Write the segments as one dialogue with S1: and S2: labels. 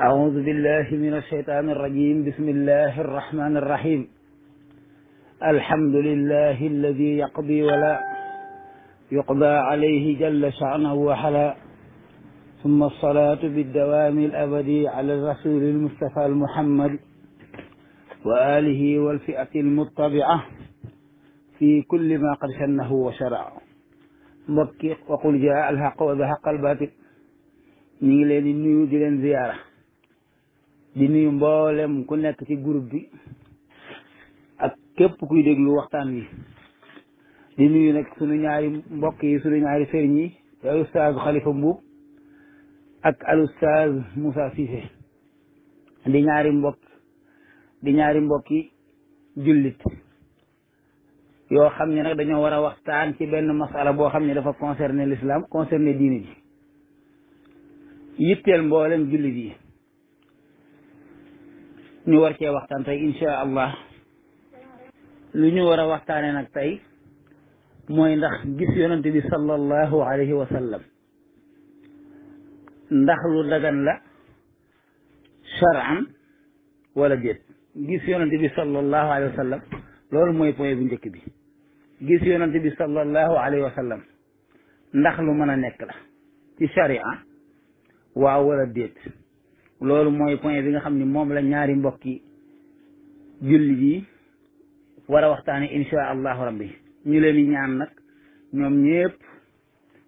S1: أعوذ بالله من الشيطان الرجيم بسم الله الرحمن الرحيم الحمد لله الذي يقضي ولا يقضى عليه جل شأنه وحلا ثم الصلاة بالدوام الأبدي على الرسول المصطفى المحمد وآله والفئة المتبعة في كل ما قد شنه وشرع مبكي وقل جاء الحق وذهق الباطل نيلين النيو دي زياره di nuyu mboolem ku nekk ci groupe bi ak képp kuy déglu waxtaan wi di nuyu nag sunu ñaari mbokk yi sunu ñaari sëriñ yi di al ustaaz Xalifa Mbuub ak al ustaaz Moussa Cissé di ñaari mbokk di ñaari mbokki jullit yoo xam ne nag dañoo war a waxtaan ci benn masala boo xam ne dafa concerné lislaam concerné diine ji yitteel mboolem jullit yi نوركي وقتان تاي إن شاء الله لنور وقتان انك تاي موين دخ جس يوننتي صلى الله عليه وسلم ندخلو لغن لا شرعا ولا جد جس يوننتي صلى الله عليه وسلم لول موين بوي بنجك بي جس يوننتي صلى الله عليه وسلم ندخلو منا نكلا في شريعة واولا ديت loolu mooy point bi nga xam ni moom la ñaari mbokki jullit yi war a waxtaane insha allahu rabbi ñu leen ñaan nag ñoom ñëpp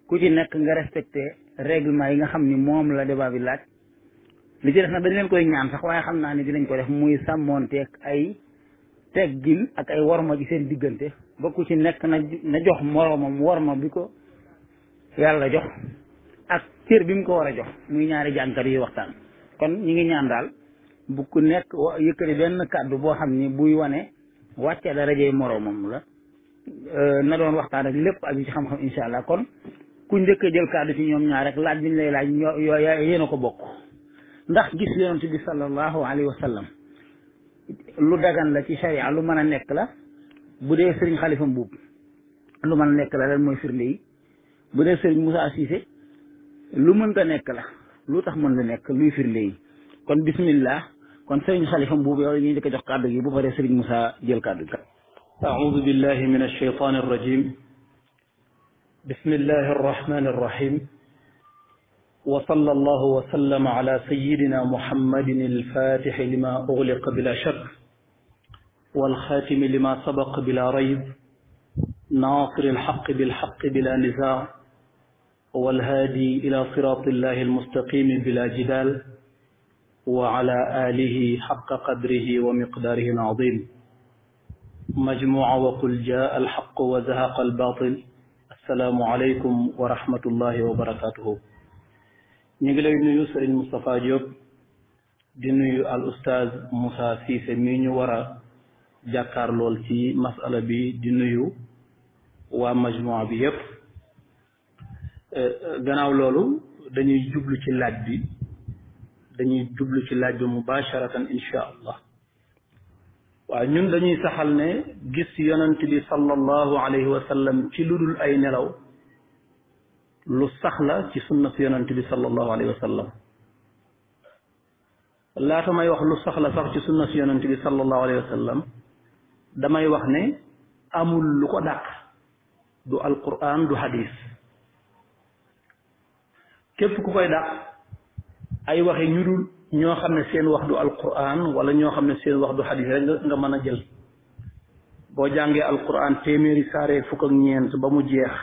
S1: ku ci nekk nga respecté règlement yi nga xam ni moom la débat bi laaj li ci def dañ leen koy ñaan sax waaye xam naa ni dinañ ko def muy sàmmoonteeg ay teggin ak ay worma ci diggante ba ku ci nekk na na jox moroomam worma bi ko yàlla jox ak cër bi mu ko war a jox muy ñaari jànkat yi waxtaan kon ñi ngi ñaan daal bu ku nekk yëkkati benn kàddu boo xam ni buy wane wàcce darajey moroomam la euh, na doon waxtaan ak lépp ak yu ci xam-xam incha allah kon ku njëkk a jël kàddu ci ñoom ñaar rek laaj bi lay laaj ñoo yéen a ko bokk ndax gis yonent bi sallallahu alayhi wa lu dagan la ci sharia lu mën a nekk la bu dee sëriñ xalifa mbuub lu mën a nekk la lan mooy firnde yi bu dee sëriñ Moussa Cissé lu mënta nekk la lu tax mën la nekk luy firnde yi kon bismillah kon sëriñ xalifa mbuubu yow ñu njëkk jox kàddu gi bu paree sëriñ Moussa jël kàddu gi
S2: أعوذ بالله من الشيطان الرجيم بسم الله الرحمن الرحيم وصلى الله وسلم على سيدنا محمد الفاتح لما أغلق بلا شك والخاتم لما سبق بلا ريب ناصر الحق بالحق بلا نزاع هو الهادي إلى صراط الله المستقيم بلا جدال وعلى آله حق قدره ومقداره العظيم مجموعة وقل جاء الحق وزهق الباطل السلام عليكم ورحمة الله وبركاته ابن يسر المصطفى جوب di الأستاذ موسى oustaz Moussa ورا mi ñu مسألة a jàkkaar lool gannaaw loolu dañuy jublu ci laaj bi dañuy jublu ci laaj bi mubasharatan insha allah waaw ñun dañuy saxal ne gis yonent bi sallallahu alayhi wa sallam ci lu ay nelaw lu sax la ci sunna yonent bi sallallahu alayhi wa sallam laata may wax lu sax la sax ci sunna yonent bi sallallahu alayhi wa sallam damay wax ne amul lu ko dàq du alquran du hadith képp ku koy dàq ay waxe ñu dul ñoo xam ne seen wax du alquran wala ñoo xam ne seen wax du xadis rek nga mën a jël boo jàngee alquran téeméeri saaree fukk ak ñeent ba mu jeex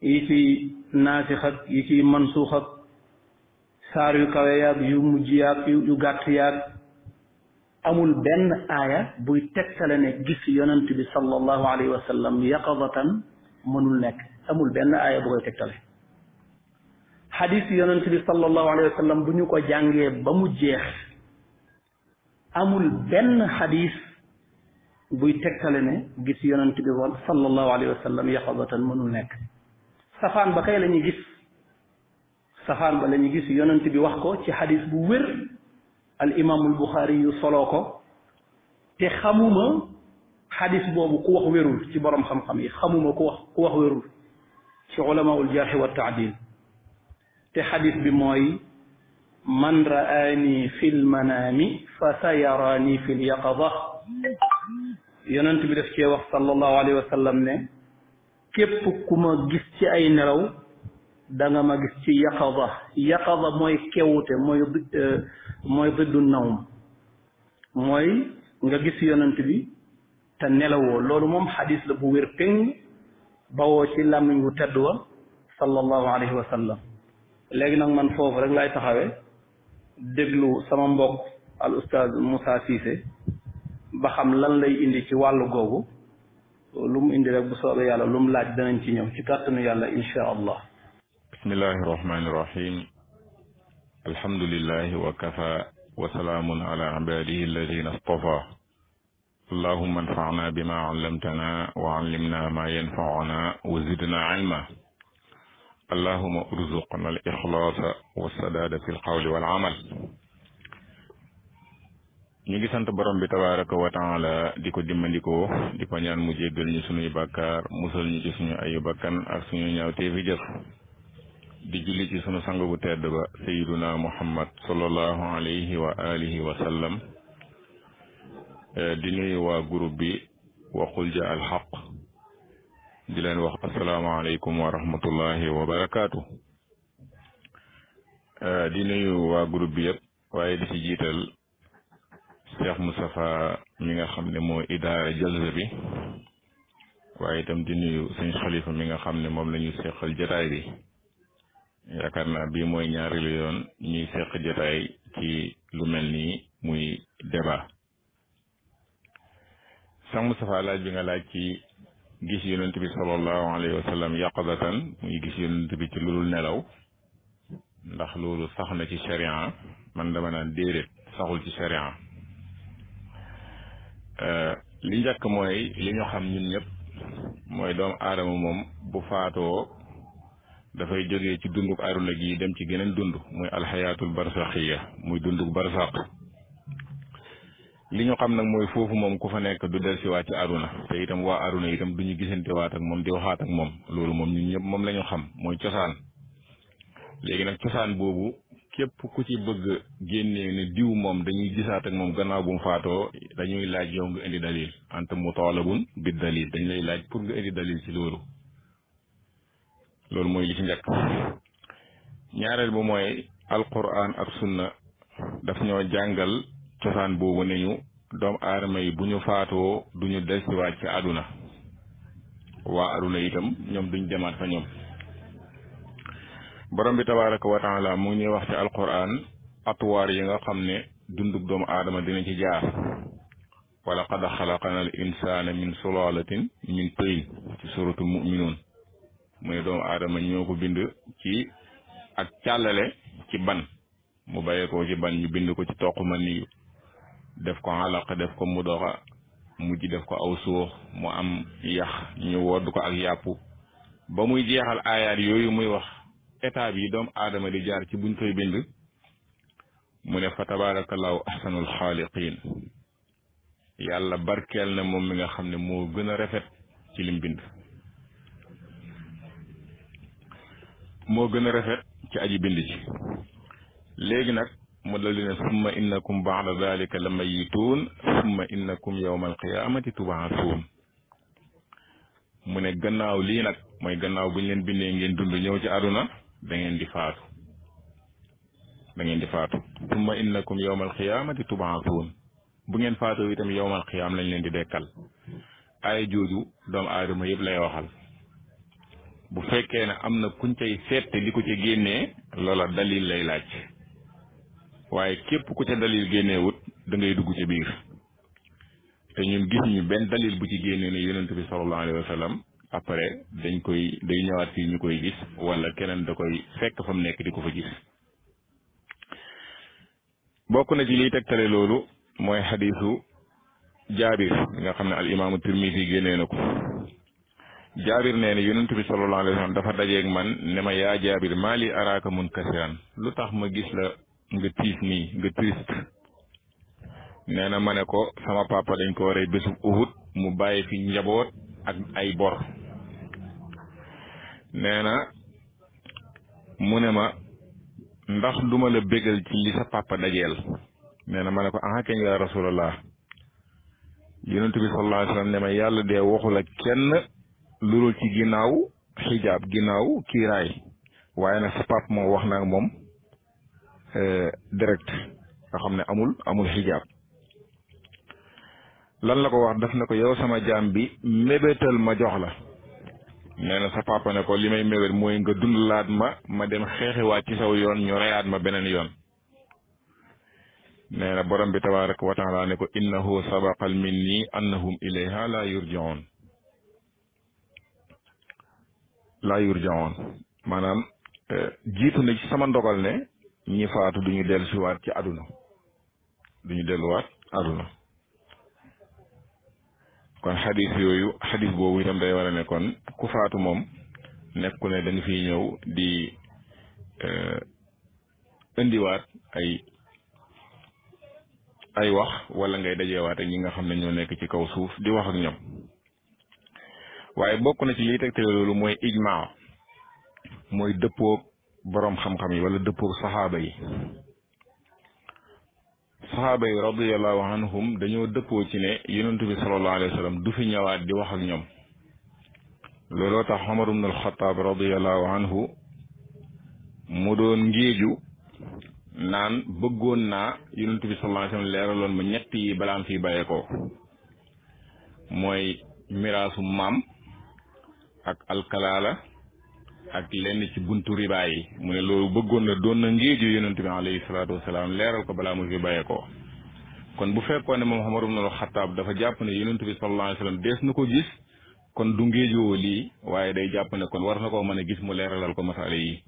S2: yi ci naasix ak yi ci mansuux ak saar yu kawe yaag yu mujj yaag yu gàtt yaag amul benn aaya buy tegtale ne gis yonent bi sallallahu alayhi wa sallam yaqadatan mënul nekk amul benn aaya bu koy tegtale xadis yonent bi sallallahu alayhi wa sallam bu ñu ko jàngee ba mu jeex amul benn xadiis buy tegtale ne gis yonent bi woon sallallahu alayhi wa sallam nekk safaan ba kay la ñuy gis safaan ba la ñuy gis yonent bi wax ko ci xadis bu wér al imaamul buxaari yu soloo ko te xamuma xadis boobu ku wax wérul ci borom xam-xam yi xamuma ku wax ku wax wérul ci ulamaul jarxi wa taadil te xadis bi mooy man raani fil manaami fa sayarani yaraani fil yaqada yonent bi daf cee wax sallallahu alayhi wa sallam ne képp ku ma gis ci ay nelaw da nga ma gis ci yaqada yaqada mooy kewute mooy mooy dëddu nawm mooy nga gis yonent bi te nelawoo loolu moom xadis la bu wér péng bawoo ci làmmiñ wu tedd wa sallallahu alayhi wa sallam léegi nak man fofu rek lay taxawé déglu sama mbokk al oustad Moussa Cissé ba xam lan lay indi ci walu gogou lu mu indi rek bu soobe yàlla lu mu laaj danañ ci ñëw ci kàttanu yàlla insha allah
S3: bismillahir rahmanir rahim alhamdulilahi wa kafa wa salamun ala ibadihi alladhina istafa allahuma anfacna bima allamtana wa allimna ma yanfacuna wa zidna ilma allahuma urzuqna al ixlaasa wa sadaada fi lqawli wal amal ñu ngi sant borom bi tabaraka wa taala di ko dimbandikoo di ko ñaan mu jéggal ñu suñuy bàkkaar musal ñu ci suñu ayu bakkan ak suñu ñaaw teefi jëf di julli ci suñu bu tedd ba sayiduna muhammad sallallahu alayhi wa alihi wa sallam eh, di nuyu waa groupe bi waxul ja al xaq di leen wax asalaamaaleykum wa rahmatullahi wa barakaatu. Euh, di nuyu waa groupe bi yëpp waaye di ci jiital Cheikh Moustapha mi nga xam ne moo idaara jalsa bi waaye itam di nga xam ne moom la ñu seqal jataay bi yaakaar naa bii mooy ñaareelu yoon ñuy seq jataay ci lu mel nii muy débat. Cheikh Moustapha laaj bi nga laaj ci gis yonent bi sallallahu alayhi wa sallam yaqadatan muy gis yonent bi ci lulul nelaw ndax loolu saxna ci sharia man dama nan dedet saxul ci sharia euh li ñak moy li ñu xam ñun ñep moy doom adam mom bu faato da fay joge ci dunduk aruna gi dem ci geneen dundu moy al hayatul barzakhiyya moy dunduk barzakh li ñu xam nag mooy foofu moom ku fa nekk du del siwaat ci Aruna te itam waa Aruna itam du ñu gisantewaat ak moom di waxaat ak moom loolu moom ñun ñëpp moom xam mooy cosaan léegi nag cosaan boobu képp ku ci bëgg génnee ne diw moom dañuy gisaat ak moom gannaaw bu mu faatoo dañuy laaj yow nga indi dalil anta mutaalabun bi dalil dañ lay laaj pour nga indi dalil ci loolu loolu mooy li ci njëkk ñaareel bu mooy alquran ak sunna daf ñoo jàngal cosaan boobu ne ñu doomu aadama yi bu ñu faatoo du ñu delsiwaat ci àdduna waa àdduna itam ñoom duñ demaat fa ñoom borom bi tabaraka wa mu ngi ñuy wax ci alquran atwaar yi nga xam ne dundub doomu aadama dina ci jaar wala qad xalaqana al insana min sulalatin min tin ci suratu muminuun mu ne doomu aadama ñoo ko bind ci ak càllale ci ban mu bàyyeekoo ci ban ñu bind ko ci toq ma niyu def ko alaq def ko mudoxa mujj def ko aw suux mu am yax ñu wodd ko ak yàpp ba muy jeexal aayaat yooyu muy wax étape yi doom aadama di jaar ci buñ koy bind mu ne fa tabaarakallaahu ahsanul xaaliqiin yàlla barkeel na moom mi nga xam ne moo gën a rafet ci lim bind moo gën a rafet ci aji bind ji léegi nag mu dal di ne summa innakum na dalika la mayituun summa innakum yowma alqiyaamati tubaasuun mu ne gannaaw lii nag mooy gannaaw buñ leen bindee ngeen dund ñëw ci àdduna da ngeen di faatu da ngeen di faatu summa innakum yowma alqiyaamati tubaasuun bu ngeen faatoo itam yowma alqiyaam lañ leen di dekkal ay jooju doomu aadama yëpp lay waxal bu fekkee ne am na kuñ cay seet te di ko ca génnee loola dalil lay laaj waaye képp ku ca dalil génneewut da ngay dugg ca biir te ñun gisuñu benn dalil bu ci génnee ne yonent bi sallallahu alayhi wa dañ koy day ñëwaat fii ñu koy gis wala keneen da koy fekk fa mu nekk di ko fa gis bokk na ci liy tegtale loolu mooy xadiisu jaabir nga xam ne al imaamu tirmisi génnee na ko jaabir nee na yonent bi sallallahu alayhi wa sallam dafa dajeeg man ne ma yaa jaabir maa li araaka munkasiran lu tax ma gis la nga tiis nii nga triste nee na ma ne ko sama papa dañ ko waree bésub Uhud mu bàyyi fi njaboot ak ay bor nee na mu ne ma ndax duma la bégal ci li sa papa dajeel nee na ma ne ko ah kañ yaa rasulallah yonent bi sallallahu alayhi wasallam ne ma yàlla de waxul ak kenn lurul ci ginnaaw xijaab ginnaaw kiiraay waaye nag sa papa moom wax na moom direct nga xam ne amul amul xijaab lan la ko wax daf ne ko yow sama jaam bi mébétal ma jox la nee na sa papa ne ko li may mébét mooy nga dundalaat ma ma dem xeexiwaat ci saw yoon ñu reyaat ma beneen yoon nee na borom bi tabaraka wa taala ne ko innahu sabaqal minni annahum ilayha la yurjaun la yurjaun maanaam jiitu na ci sama ndogal ne ñi faatu duñu dellusiwaat ci àdduna duñu delluwaat àdduna kon xadis yooyu xadis boobu itam day war a ku faatu moom nekku ne da nga ñëw di e, indiwaat ay ay wax wala ngay dajewaat ak ñi nga xam ne ñoo nekk ci kaw suuf di wax ak ñoom waaye bokk na ci liy tegtale loolu mooy ijmaa mooy dëppoog boroom xam-xam yi wala dëppoog saxaaba yi saxaaba yi radiallahu anhum dañoo dëppoo ci ne yonentu bi salallahu alayhi wa du fi ñëwaat di wax ak ñoom looloo tax Omar ibn al-Xataab radiallahu anhu mu doon ngéeju naan bëggoon naa yonentu bi salallahu alayhi wa sallam leeraloon ma ñett yi balaam fii bàyyeekoo mooy miraasu maam ak alkalaala ak lenn ci buntu riba yi mu ne loolu bëggoon na doon na ngéeju yonent bi alayhi salaatu wasalaam leeral ko balaa mu fi bàyyee ko kon bu fekkoon ne moom Omar ibn al-Khattab dafa jàpp ne yonent bi sallallahu alayhi wasallam dees ko gis kon du ngéejoo waaye day jàpp ne kon war na koo mën a gis mu leeralal ko masale yi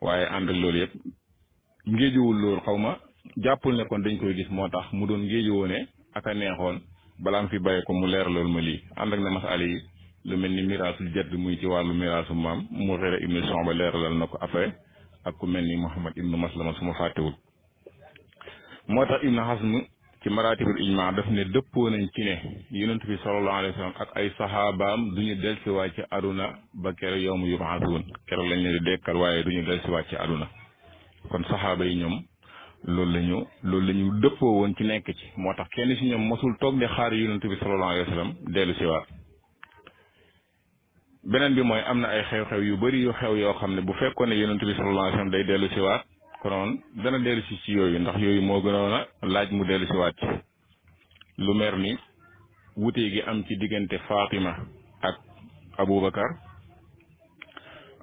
S3: waaye ànd ak loolu yëpp ngéejowul loolu xaw ma jàppul ne kon dañ koy gis moo tax mu doon ngéejowoo ne ak a neexoon balaa mu fi bàyyee ko mu leeralool ma lii ànd ak ne masale yi lu mel ni miraasul jadd mu ci wàllu miraasu maam mu xëy ibnu Shu'ba leeralal na ko après ak ku mel ni Muhammad ibnu Maslama su ma fàttewul moo tax ibnu Hazm ci maratibul ijmaa daf ne dëppoo nañ ci ne yonent bi sallallahu alayhi wa ak ay saxaabaam duñu delsiwaat ci aduna ba kere yowmu yubaasuun kere lañ leen di dekkal waaye du duñu waa ci aduna kon saxaaba yi ñoom loolu lañu loolu la dëppoo woon ci nekk ci moo tax kenn si ñoom masul toog di xaar yonent bi sallallahu alayhi wa sallam dellu beneen bi mooy am na ay xew-xew yu bari yu xew yoo xam ne bu fekkoon ne yonent bi sallallahu alayhi wasallam day dellu si waat konoon dana dellu si ci yooyu ndax yooyu moo gënoon laaj mu dellu si waat lu mer ni wutee gi am ci diggante Fatima ak Aboubacar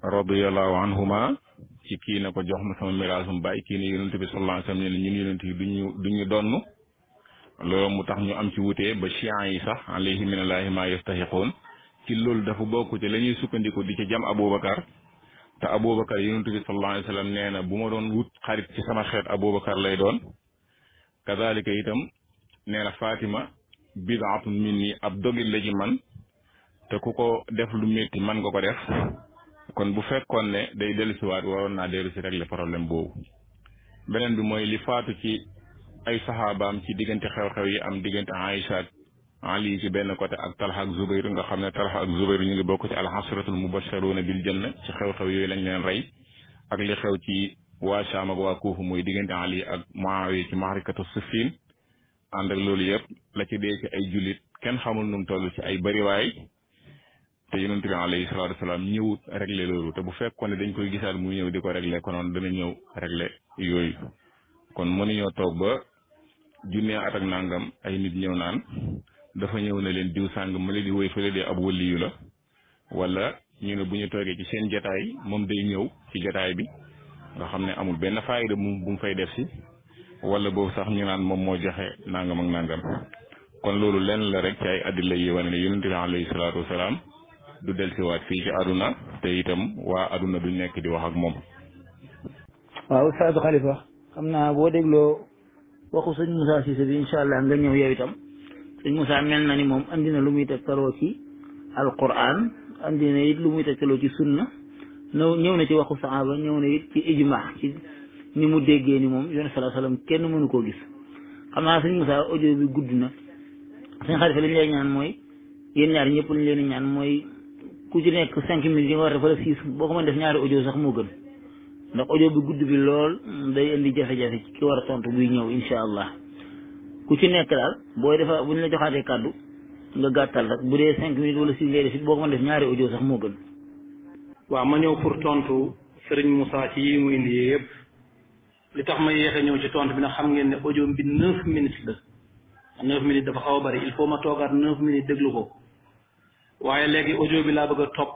S3: radiyallahu anhuma ci kii na ko jox ma sama miraasum bàyyi kii ne yonent bi sallallahu alayhi wasallam ne duñu donn loolu mu tax ñu am ci wutee ba chian yi sax alayhi minallahi ma yastahiqoon ci loolu dafa bokk ci la ñuy sukkandiku di ci jam Aboubacar te Aboubacar yonent bi sallallahu alayhi wa sallam nee na bu ma doon wut xarit ci sama xeet Aboubacar lay doon kazalika itam nee na Fatima bidaatun minni ab dogit la ci man te ku ko def lu métti man nga ko def kon bu fekkoon ne day dellusiwaat waroon naa dellu si régler problème boobu beneen bi mooy li faatu ci ay saxaabaam ci diggante xew-xew yi am diggante Aïcha ali ci benn côté ak talha ak zubayr nga xam ne talha ak zubayr ñu ngi bokk ci alxasratul mubasharuna bil janna ci xew-xew yooyu lañ leen rey ak li xew ci waa Saam ak waa Kuufu muy diggante ali ak Muawiya ci maxrikatu Siffin ak loolu yëpp la ci ay jullit kenn xamul nu mu ci ay bariwaay te yonent bi alayhi ñëwut réglé loolu te bu fekkoon ne dañ koy gisaat mu ñëw di ko réglé konoon dana ñëw réglé yooyu kon mënuñoo toog ba junne at ak nangam ay nit ñëw naan dafa ñëw ne leen diw sàng ma la di woy fële de ab wëliyu la wala ñu ne bu ñu toogee ci seen jataay moom day ñëw ci jataay bi nga xam ne amul benn faayda mu bu mu fay def si wala boobu sax ñu naan moom moo joxe nangam ak nangam kon loolu lenn la rek ci ay addila yi wane ne yonente bi alayhi salaatu wasalaam du delsiwaat fii ci aduna te itam waa aduna du nekk di wax ak moom
S1: waaw Oustaz xam naa boo dégloo waxu sëñ Moussa Cissé bi incha allah nga ñëw yow itam sëñ Moussa mel na ni moom andi lu muy tegtaloo ci alquran andi na it lu muy tegtaloo ci sunna ñëw ñëw na ci waxu saxaaba ñëw na it ci ijma ni mu déggee ni moom yoon salaa salaam kenn mënu koo gis xam naa sëñ Moussa audio bi gudd na sëñ xalifa li ñu lay ñaan mooy yéen ñaar ñëpp lu leen ñaan mooy ku ci nekk cinq minutes yi nga war def wala six boo ko mën def ñaari audio sax moo gën ndax audio bi gudd bi lool day indi jafe-jafe ki war a tontu buy ñëw incha allah ku ci nekk daal booy defa bu ñu la joxaatee kàddu nga gàttal rek bu dee cinq minutes wala six ngay def boo ko mën def ñaari audio sax moo gën.
S2: waaw ma ñëw pour tontu sëriñ Moussa ci yi mu indi yëpp li tax ma yéex a ñëw ci tontu bi nag xam ngeen ne audio bi neuf minutes la neuf minutes dafa xaw a bari il faut ma toogaat neuf minutes déglu ko waaye léegi ojo bi laa bëgg a topp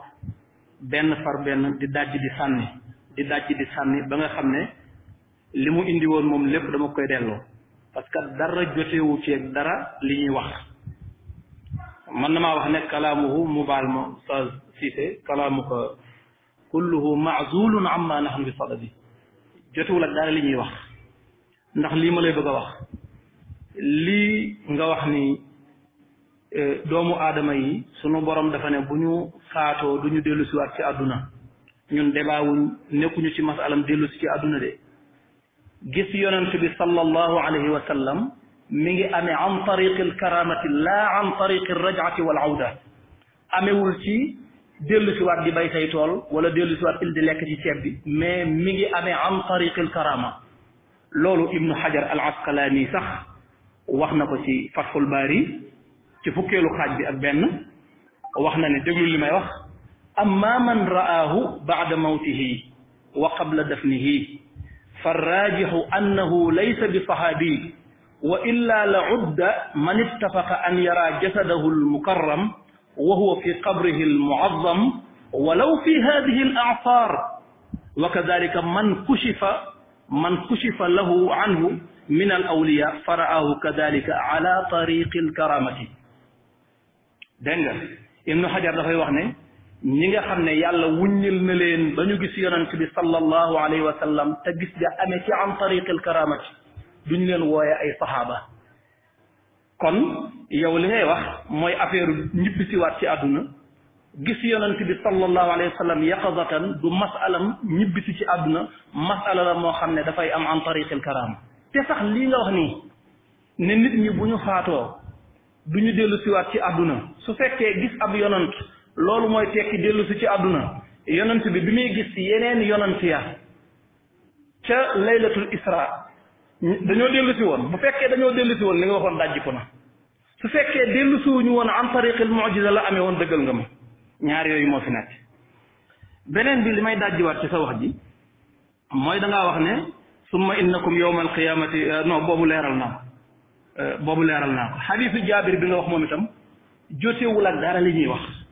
S2: benn far benn di dajj di sànni di dajj di sànni ba nga xam ne li mu indi woon moom lépp dama koy delloo. parce que dara jotewu ci dara li ñuy wax man na maa wax ne kalaamuhu mu baal ma ustaz Cissé kalaamuka kulluhu maazulun amma li ñuy wax ndax lii ma lay bëgg a wax lii nga wax ni e, doomu aadama yi sunu borom dafa ne bu ñu faatoo du ñu dellusiwaat ci àdduna ñun débat wuñ nekkuñu ci masalam dellusi ci àdduna de جس يونتبي صلى الله عليه وسلم ميغي أمي عن طريق الكرامة لا عن طريق الرجعة والعودة أمي ولتي ديلو سوار دي باي سيطول ولا ديلو سوار إلدي لك دي تيبي مي مي أمي عن طريق الكرامة لولو ابن حجر العسقلاني صح وخنا كو سي فتح الباري تي فوكيلو خاج بي اك بن وخنا ني دغلو لي ماي وخ اما من راه بعد موته وقبل دفنه فالراجح أنه ليس بصحابي وإلا لعد من اتفق أن يرى جسده المكرم وهو في قبره المعظم ولو في هذه الأعصار وكذلك من كشف من كشف له عنه من الأولياء فرآه كذلك على طريق الكرامة دنجا ابن حجر دفع وحنين ñi nga xam ne yàlla wuññil na leen ba ñu gis yonent bi sallallahu alayhi wa sallam te gis ga amee ci an tariqil karamati duñ leen wooye ay saxaaba kon yow li ngay wax mooy affaire ñibbisiwaat ci àdduna gis yonent bi sallallahu alayhi wa sallam yaqazatan du masalam ñibbisi ci àdduna masala la moo xam ne dafay am an tariqil karama te sax lii nga wax nii ne nit ñi bu ñu faatoo du ñu dellu siwaat ci àdduna su fekkee gis ab yonent loolu mooy tekki dellusi ci àdduna yonent bi bi muy gis yeneen yonent ya ca laylatul isra dañoo dellu woon bu fekkee dañoo dellu si woon li nga waxoon dajjiku na su fekkee dellu siwuñu woon an tariqil mujiza la amee woon dëggal nga ma ñaar yooyu moo fi nekk beneen bi li may dajjiwaat ci sa wax ji mooy danga wax ne summa innakum yawma alqiyamati euh, non boobu leeral naa ko euh, boobu leeral naa ko xadiisu jaabir bi nga wax moom itam jotewul ak dara li ñuy wax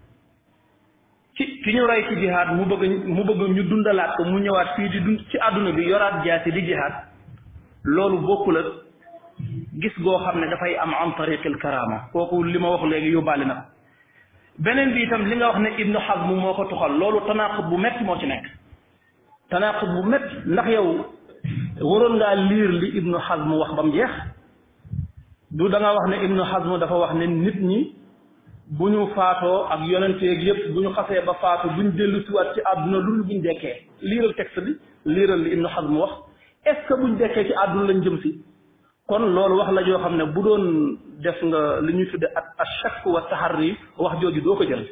S2: ci ki ñu rey ci jihaad mu bëgg mu bëgg ñu dundalaat ko mu ñëwaat fii di dund ci àdduna bi yoraat jaasi di jihaad loolu bokkul ak gis goo xam ne dafay am an tariqil karama kooku li ma wax léegi yóbbaale na beneen bi itam li nga wax ne ibnu hazm moo ko tuxal loolu tanaqut bu metti moo ci nekk tanaqut bu metti ndax yow waroon ngaa liir li ibnu mu wax ba mu jeex du da nga wax ne ibnu hazm dafa wax ne nit ñi bu ñu faatoo ak yonenteeg yëpp bu ñu xasee ba faatu bu ñu dellu siwaat ci àdduna lu bu ñu dekkee liiral texte bi liiral li Ibnu mu wax est-ce que bu ñu dekkee ci àdduna lañu jëm si kon loolu wax la joo xam ne bu doon def nga li ñuy tudde ak ak shakk wa taharri wax jooju doo ko jël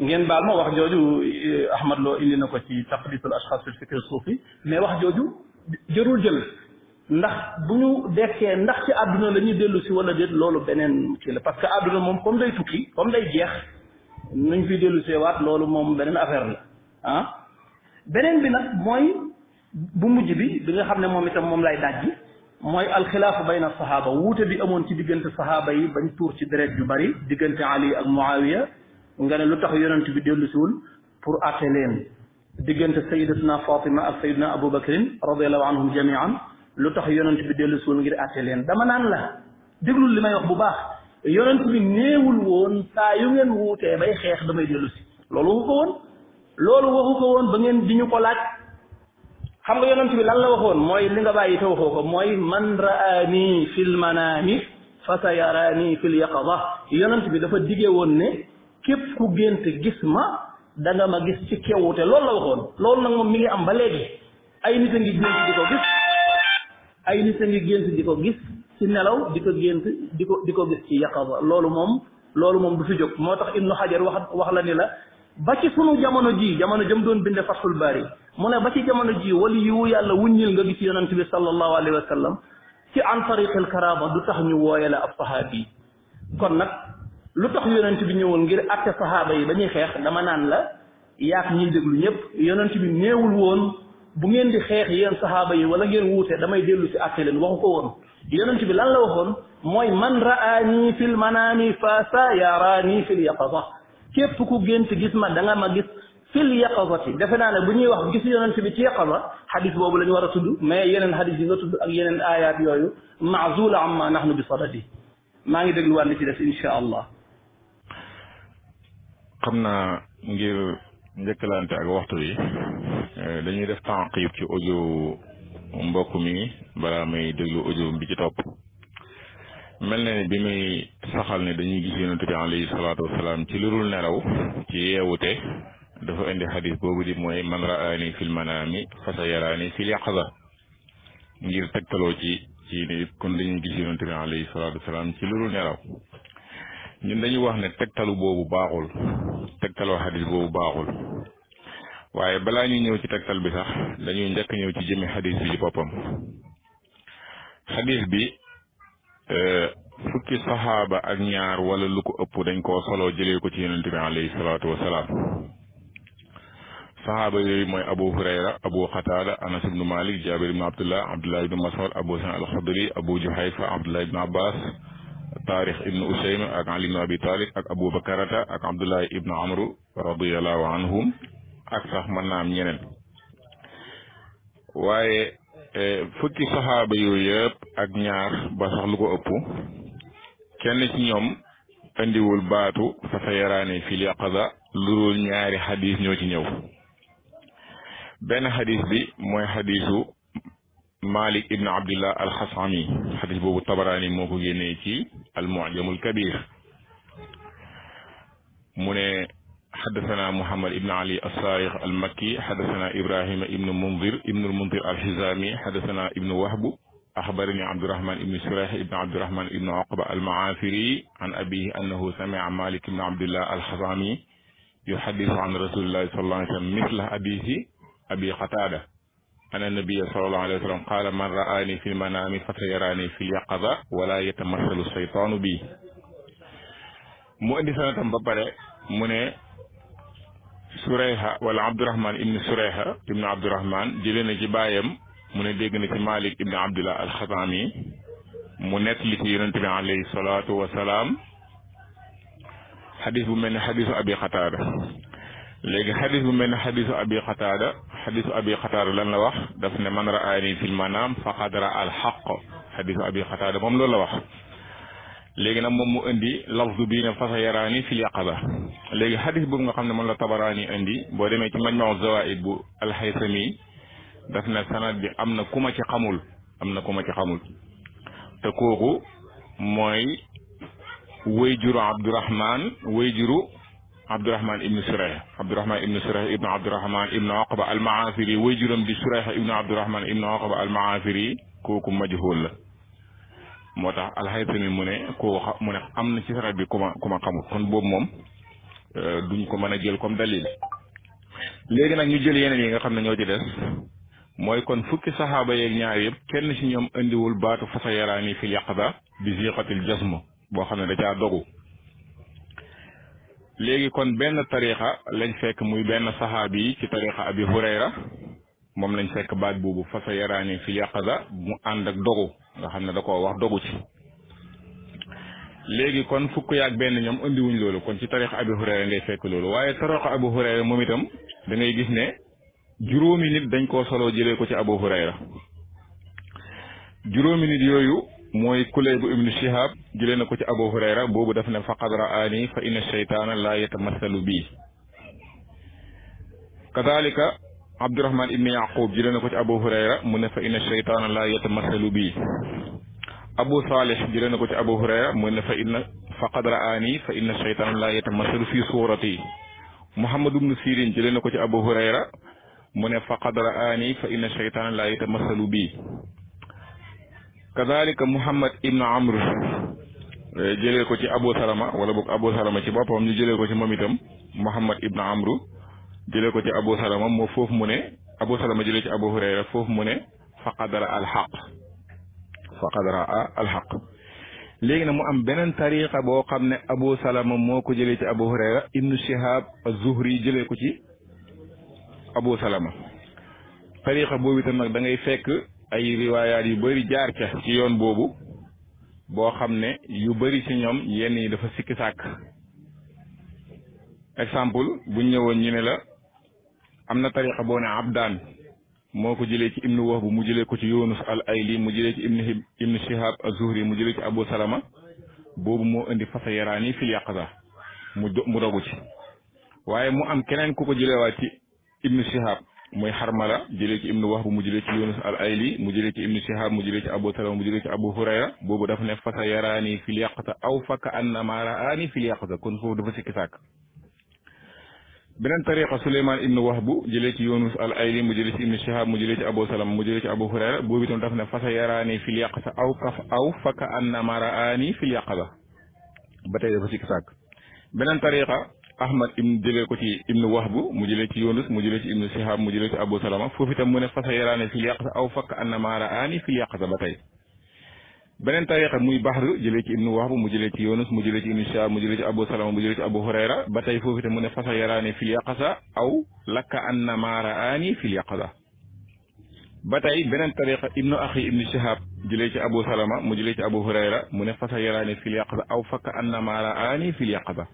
S2: ngeen baal ma wax jooju eh, Ahmad loo indi na ko ci taqdisul ashxaas fi fikr suufi mais wax jooju jërul jël ndax bu ñu dekkee ndax ci àdduna la ñuy dellu si wala déet loolu beneen ci la parce que àdduna moom comme day tukki comme day jeex nañ fi dellu seewaat loolu moom beneen affaire la ah beneen bi nag mooy bu mujj bi bi nga xam ne itam moom lay dajji mooy alxilaafu bayna sahaaba wuute bi amoon ci diggante sahaaba yi bañ tuur ci deret ju bari diggante ali ak muawiya nga ne lu yonent bi dellu siwul pour atte leen diggante fatima ak sayiduna abubakrin radiallahu anhum jamian lu tax yonent bi dellu si woon ngir àtte leen dama naan la déglul li may wax bu baax yonent bi néewul woon saa yu ngeen wuutee bay xeex damay dellu si loolu waxu ko woon loolu waxu ko woon ba ngeen di ñu ko laaj xam nga yonent bi lan la waxoon mooy li nga bàyyi te waxoo ko mooy man raani fil manaami fa sa yaraani fil yaqada yonent bi dafa digee woon ne képp ku gént gis ma da nga ma gis ci kewute loolu la waxoon loolu nag moom mi ngi am ba léegi ay nit a ay nit a ngi gént di ko gis ci nelaw di ko gént di ko di ko gis ci yaqaba loolu moom loolu moom du fi jóg moo tax ibnu xajar wax wax la ni la ba ci sunu jamono ji jamono jëm doon binde fathul bari mu ne ba ci jamono ji wali yiwu yàlla wuññil nga gis yonent bi sallallahu alayhi wa sallam ci an tariqil du tax ñu wooye la ab sahabi kon nag lu tax yonent bi ñëwul ngir atte sahaaba yi ba ñuy xeex dama naan la yaak ñiy déglu ñëpp yonent bi néewul woon bu ngeen di xeex yéen saxaaba yi wala ngeen wuute damay dellu si àtte leen waxu ko woon yonent bi lan la waxoon mooy man raani fil manaami fa sa yaraani fil yaqaza képp ku gént gis ma da nga ma gis fil yaqazati defe naa ne bu ñuy wax gis yonent bi ci yaqaza xadis boobu la ñu war a tudd mais yeneen xadis yi nga tudd ak yeneen ayaat yooyu maazula amma nahnu bi sadadi maa ngi dégluwaat li ci def incha allah
S3: xam naa njëkkalante ak waxtu wi eh, dañuy def temps yëpp ci ojo mbokk mi balaa may déglu audio bi ci topp mel na bi muy saxal ne dañuy gis yonent bi alayhi salaatu wasalaam ci lurul nelaw ci yeewute dafa indi xadis boobu di mooy man raani fil manaami fa sa yaraani fil yaqaza ngir tegtaloo ci ci kon dañuy gis yonent bi salaatu wasalaam ci lurul nelaw ñun dañuy wax ne tegtalu boobu baaxul tegtaloo hadith boobu baaxul waaye balaa ñu ñëw ci tegtal bi sax dañuy njëkk ñëw ci jëmi hadith bi ci boppam xadis bi fukki sahaba ak ñaar wala lu ko ëpp dañ koo solo jëlee ko ci yonente bi alayhi salaatu wasalaam sahaba yooyu mooy abu hurayra abu xataada anas ibnu malik jabir ibnu abdullah abdullah ibnu mas'ud abu san al xadri abu juhayfa abdullah ibnu abbas taarix ibnu usayma ak ali ibnu abi talib ak abou bakarata ak abdoulahi ibnu amru radiallahu anhum ak sax mën naa am ñeneen waaye fukki saxaaba yooyu yëpp ak ñaar ba sax lu ko ëpp kenn ci ñoom indiwul baatu fa sayaraane fil yaqada lurul ñaari xadis ñoo ci ñëw benn xadis bi mooy xadisu مالك ابن عبد الله xasami حديث بوب الطبراني موكو ko génnee المعجم الكبير mujamul حدثنا محمد بن علي الصارخ المكي حدثنا إبراهيم بن المنذر ابن المنذر الحزامي حدثنا ابن وهب أخبرني عبد الرحمن بن سراح بن عبد الرحمن بن عقبة المعافري عن أبيه أنه سمع مالك بن عبد الله الخزامي يحدث عن رسول الله صلى الله عليه وسلم مثل حديث أبي قتادة أن النبي صلى الله عليه وسلم قال من رآني في المنام فسيراني في اليقظة ولا يتمثل الشيطان بي مؤدي سنة ببرة من سريحة ولا عبد الرحمن ابن سريحة ابن عبد الرحمن جلين جبايم من ديغن مالك ابن عبد الله الخطامي من لي عليه الصلاة والسلام حديث من حديث أبي قتادة لكن حديث من حديث أبي قتادة xadisu abi xataada lan la wax daf ne man raani fil manaam faqad raa al xaq xadisu abi xataada moom loolu la wax léegi nag moom mu indi lafdu bii ne fasa yaraani fil yaqaba léegi xadis boobu nga xam ne moom la tabaraani indi boo demee ci majmaa zawaid bu alxaysami daf ne sanad bi am na ku ma ci xamul am na ku ma ci xamul te kooku mooy wayjuru abdurahman wayjuru عبد الرحمن ابن سريح عبد الرحمن ابن سريح ابن عبد الرحمن ابن عقبة المعافري waajuram di Surayh ibn Abdurahman ibn Aqaba al-Maafiri kooku majhul la moo tax alxaytami mu ne koo mu ne am na ci sarat bi ku ma ku ma xamut kon boobu moom duñ ko mën a jël comme dalil léegi nag ñu jël yeneen yi nga xam ne ñoo ci des mooy kon fukki saxaaba yeeg ñaar yëpp kenn ci ñoom indiwul baatu fasa yaraani fil yaqda bi ziqatil jasm boo xam ne da caa dogu léegi kon benn tarixa lañ fekk muy benn saxaabi yi ci tarixa abi hurayra moom lañ fekk baat boobu fasa yaraani fi ga mu ànd ak dogu nga xam ne da ko wax dogu ci léegi kon fukk yaag benn ñoom andiwuñ loolu kon ci tarixa abi hurayra ngay fekk loolu waaye tarixa abi hurayra moom itam dangay gis ne juróomi nit dañ koo solo jëlee ko ci abu hurayra juróomi nit yooyu mooy kulaybu ibnu shihab jëlee na ko ci abu hurayra boobu daf ne faqad raani fa inna sheytaana laa yatamathalu bii kadalika abdurahman ibni yaqub jëlee na ko ci abu hurayra mu ne fa inna sheytaana laa yatamathalu bii abu salih jëlee na ko ci abu hurayra mu ne fa inna faqad raani fa inna sheytaana laa yatamathalu fii suurati muhammad ibnu sirin jëlee na ko ci abu hurayra mu ne faqad raani fa inna sheytaana laa yatamathalu bii كذلك محمد ابن عمرو جيلي كو ابو سلمى ولا بوك ابو سلمى سي بوبام ني جيلي كو سي محمد ابن عمرو جيلي كو ابو سلمى مو فوف موني ابو سلمى جيلي سي ابو هريره فوف موني فقدر الحق فقد الحق لكن مو ام بنن طريقه بو خامني ابو سلمى موكو جيلي سي ابو هريره ابن شهاب الزهري جيلي كو ابو سلمى طريقه بو ويتم نك داغي فك ay riwaayaat yu bari jaar ca ci yoon boobu boo xam ne yu bari ci ñoom yenn yi dafa sikki sàkk exemple bu ñëwoon ñu ne la am na tariqa boo ne abdaan moo ko jëlee ci ibnu wahb mu jëlee ko ci yunus al ayli mu jëlee ci ibnu ibnu shihab mu jëlee ci abu salama boobu moo indi fasa yaraani fil yaqza mu mu dogu ci waaye mu am keneen ku ko jëlewaat ci ibnu shihab moy harmala jele ci ibnu wahb mu jele ci yunus al ayli mu jele ci ibnu shihab mu jele ci abu salama mu jele ci abu hurayra bobu dafa ne fata yarani fil yaqta aw faka annama raani fil yaqta kun fu dafa sik sak benen tariqa suleyman ibnu wahb jele ci yunus al ayli mu jele ci ibnu shihab mu jele ci abu salama mu jele ci abu hurayra bobu tam dafa ne fata yarani fil yaqta aw kaf aw faka annama raani fil yaqta batay dafa sik sak benen tariqa ahmad ibn jele ko ci ibnu wahbu mu jele ci yunus mu jele ci ibnu sihab mu jele ci abu salama fofu tam mu ne fasa yaraane fil yàqsa aw fak an ma raani fi yàqsa batay benen tariqa muy baxru jele ci ibnu wahbu mu jele ci yunus mu jele ci ibnu sihab mu jele ci abu salama mu jele ci abu hurayra batay fofu tam itam mu ne fasa yaraane fil yàqsa aw lakka an ma raani fi yàqsa batay benen tariqa ibnu akhi ibnu sihab jele ci abu salama mu jele ci abu hurayra mu ne fasa yaraane yàqsa aw fak an ma raani fi yàqsa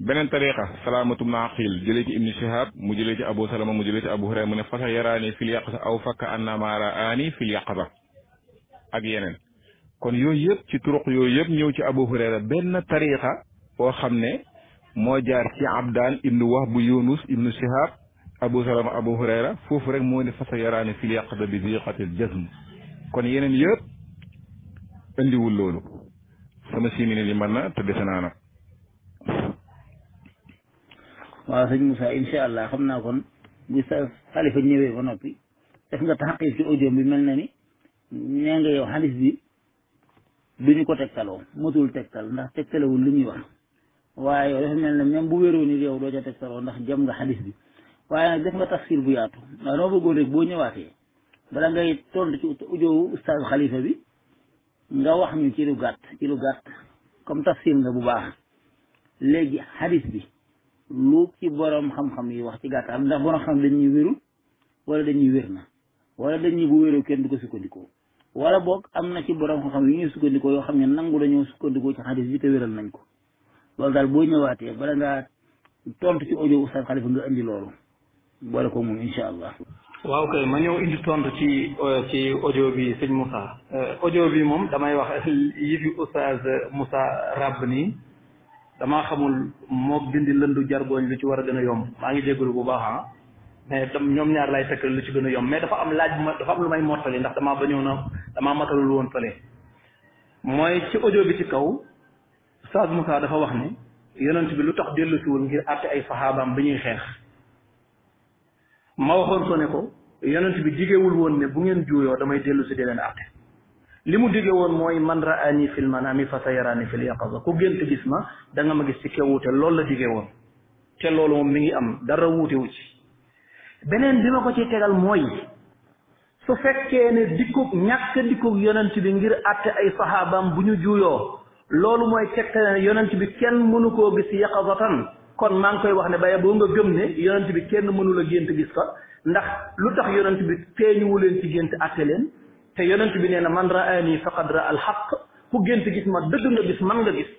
S3: benen tariqa salamatu maqil jele ci ibn shihab mu jele ci abu salama mu jele ci abu hurayra mu ne fasa yarani fil yaqsa aw fakka annama raani fil yàqasa ak yenen kon yoy yeb ci turuq yoy yeb ñëw ci abu hurayra benn tariqa bo xamne mo jaar ci abdan ibn wahb yunus ibn shihab abu salama abu hurayra fofu rek moo ne fasa yarani fil yàqasa bi diqatil jazm kon yenen yeb andi wul lolu sama simine li manna te besanana
S1: waaw sëñ Moussa incha allah xam naa kon bu sa xalifa ñëwee ba noppi def nga taxaqi ci audio bi mel na ni nee nga yow xaalis bi du ñu ko tegtaloo motul tegtal ndax tegtalewul li ñuy wax waaye yow dafa mel ne même bu wéroon ni yow doo ca ndax jëm nga xaalis bi waaye nag def nga tafsir bu yaatu waaw dama bëggoon rek boo ñëwaatee bala ngay tontu ci audio ustaaz xalifa bi nga wax ni ci lu gàtt ci lu gàtt comme tafsir nga bu baax léegi xaalis bi lu ci borom xam-xam yi wax ci gàttal ndax borom xam dañuy wéru wala dañuy wér na wala dañuy bu wéru kenn du ko sukkandikoo wala boog am na ci borom xam-xam yi ñuy sukkandikoo yoo xam ne nangu dañoo sukkandikoo ci xadis bi te wéral nañ ko loolu daal boo ñëwaatee bala ngaa tontu ci audio Oustaz Khalifa nga indi loolu boole ko moom incha allah.
S2: waaw kay ma ñëw indi tontu
S1: ci euh, ci
S2: audio bi sëñ Moussa. ojo euh, bi moom damay wax yi fi Oustaz Moussa Rabb nii. damaa xamul moo dindi lëndu jargoñ lu ci war a gën a yomb maa ngi jégalu bu baax ah mais tam ñoom ñaar lay tëkkal lu ci gën a yomb mais dafa am laaj bu ma dafa am lu may mottali ndax damaa bañoon a damaa matalul woon fële mooy ci ojo bi ci kaw Oustaz Moussa dafa wax ne yonent bi lu tax dellusiwul ngir àtte ay saxaabaam bi ñuy xeex ma waxoon ko ne ko yonent bi jigéewul woon ne bu ngeen juuyoo damay dellusi di leen àtte li mu dige woon mooy mandra raani fil manami fa sayarani fil yaqaza ku gént gis ma da nga ma gis ci kewuute loolu la dige woon te loolu moom mi ngi am dara wuute wu ci beneen bi ma ko ci tegal mooy su fekkee ne dikkug ñàkk dikkug yonent bi ngir àtte ay saxaabaam bu ñu juuyoo loolu mooy tegtale ne yonent bi kenn mënu koo gis kon maa ngi koy wax ne baya boo nga gëm ne bi kenn mënula gént gis ko ndax lu tax yonent bi feeñuwu leen ci gént àtte leen te yonent bi nee na man raani faqad raa al xaq ku gént gis ma dëgg nga gis man nga gis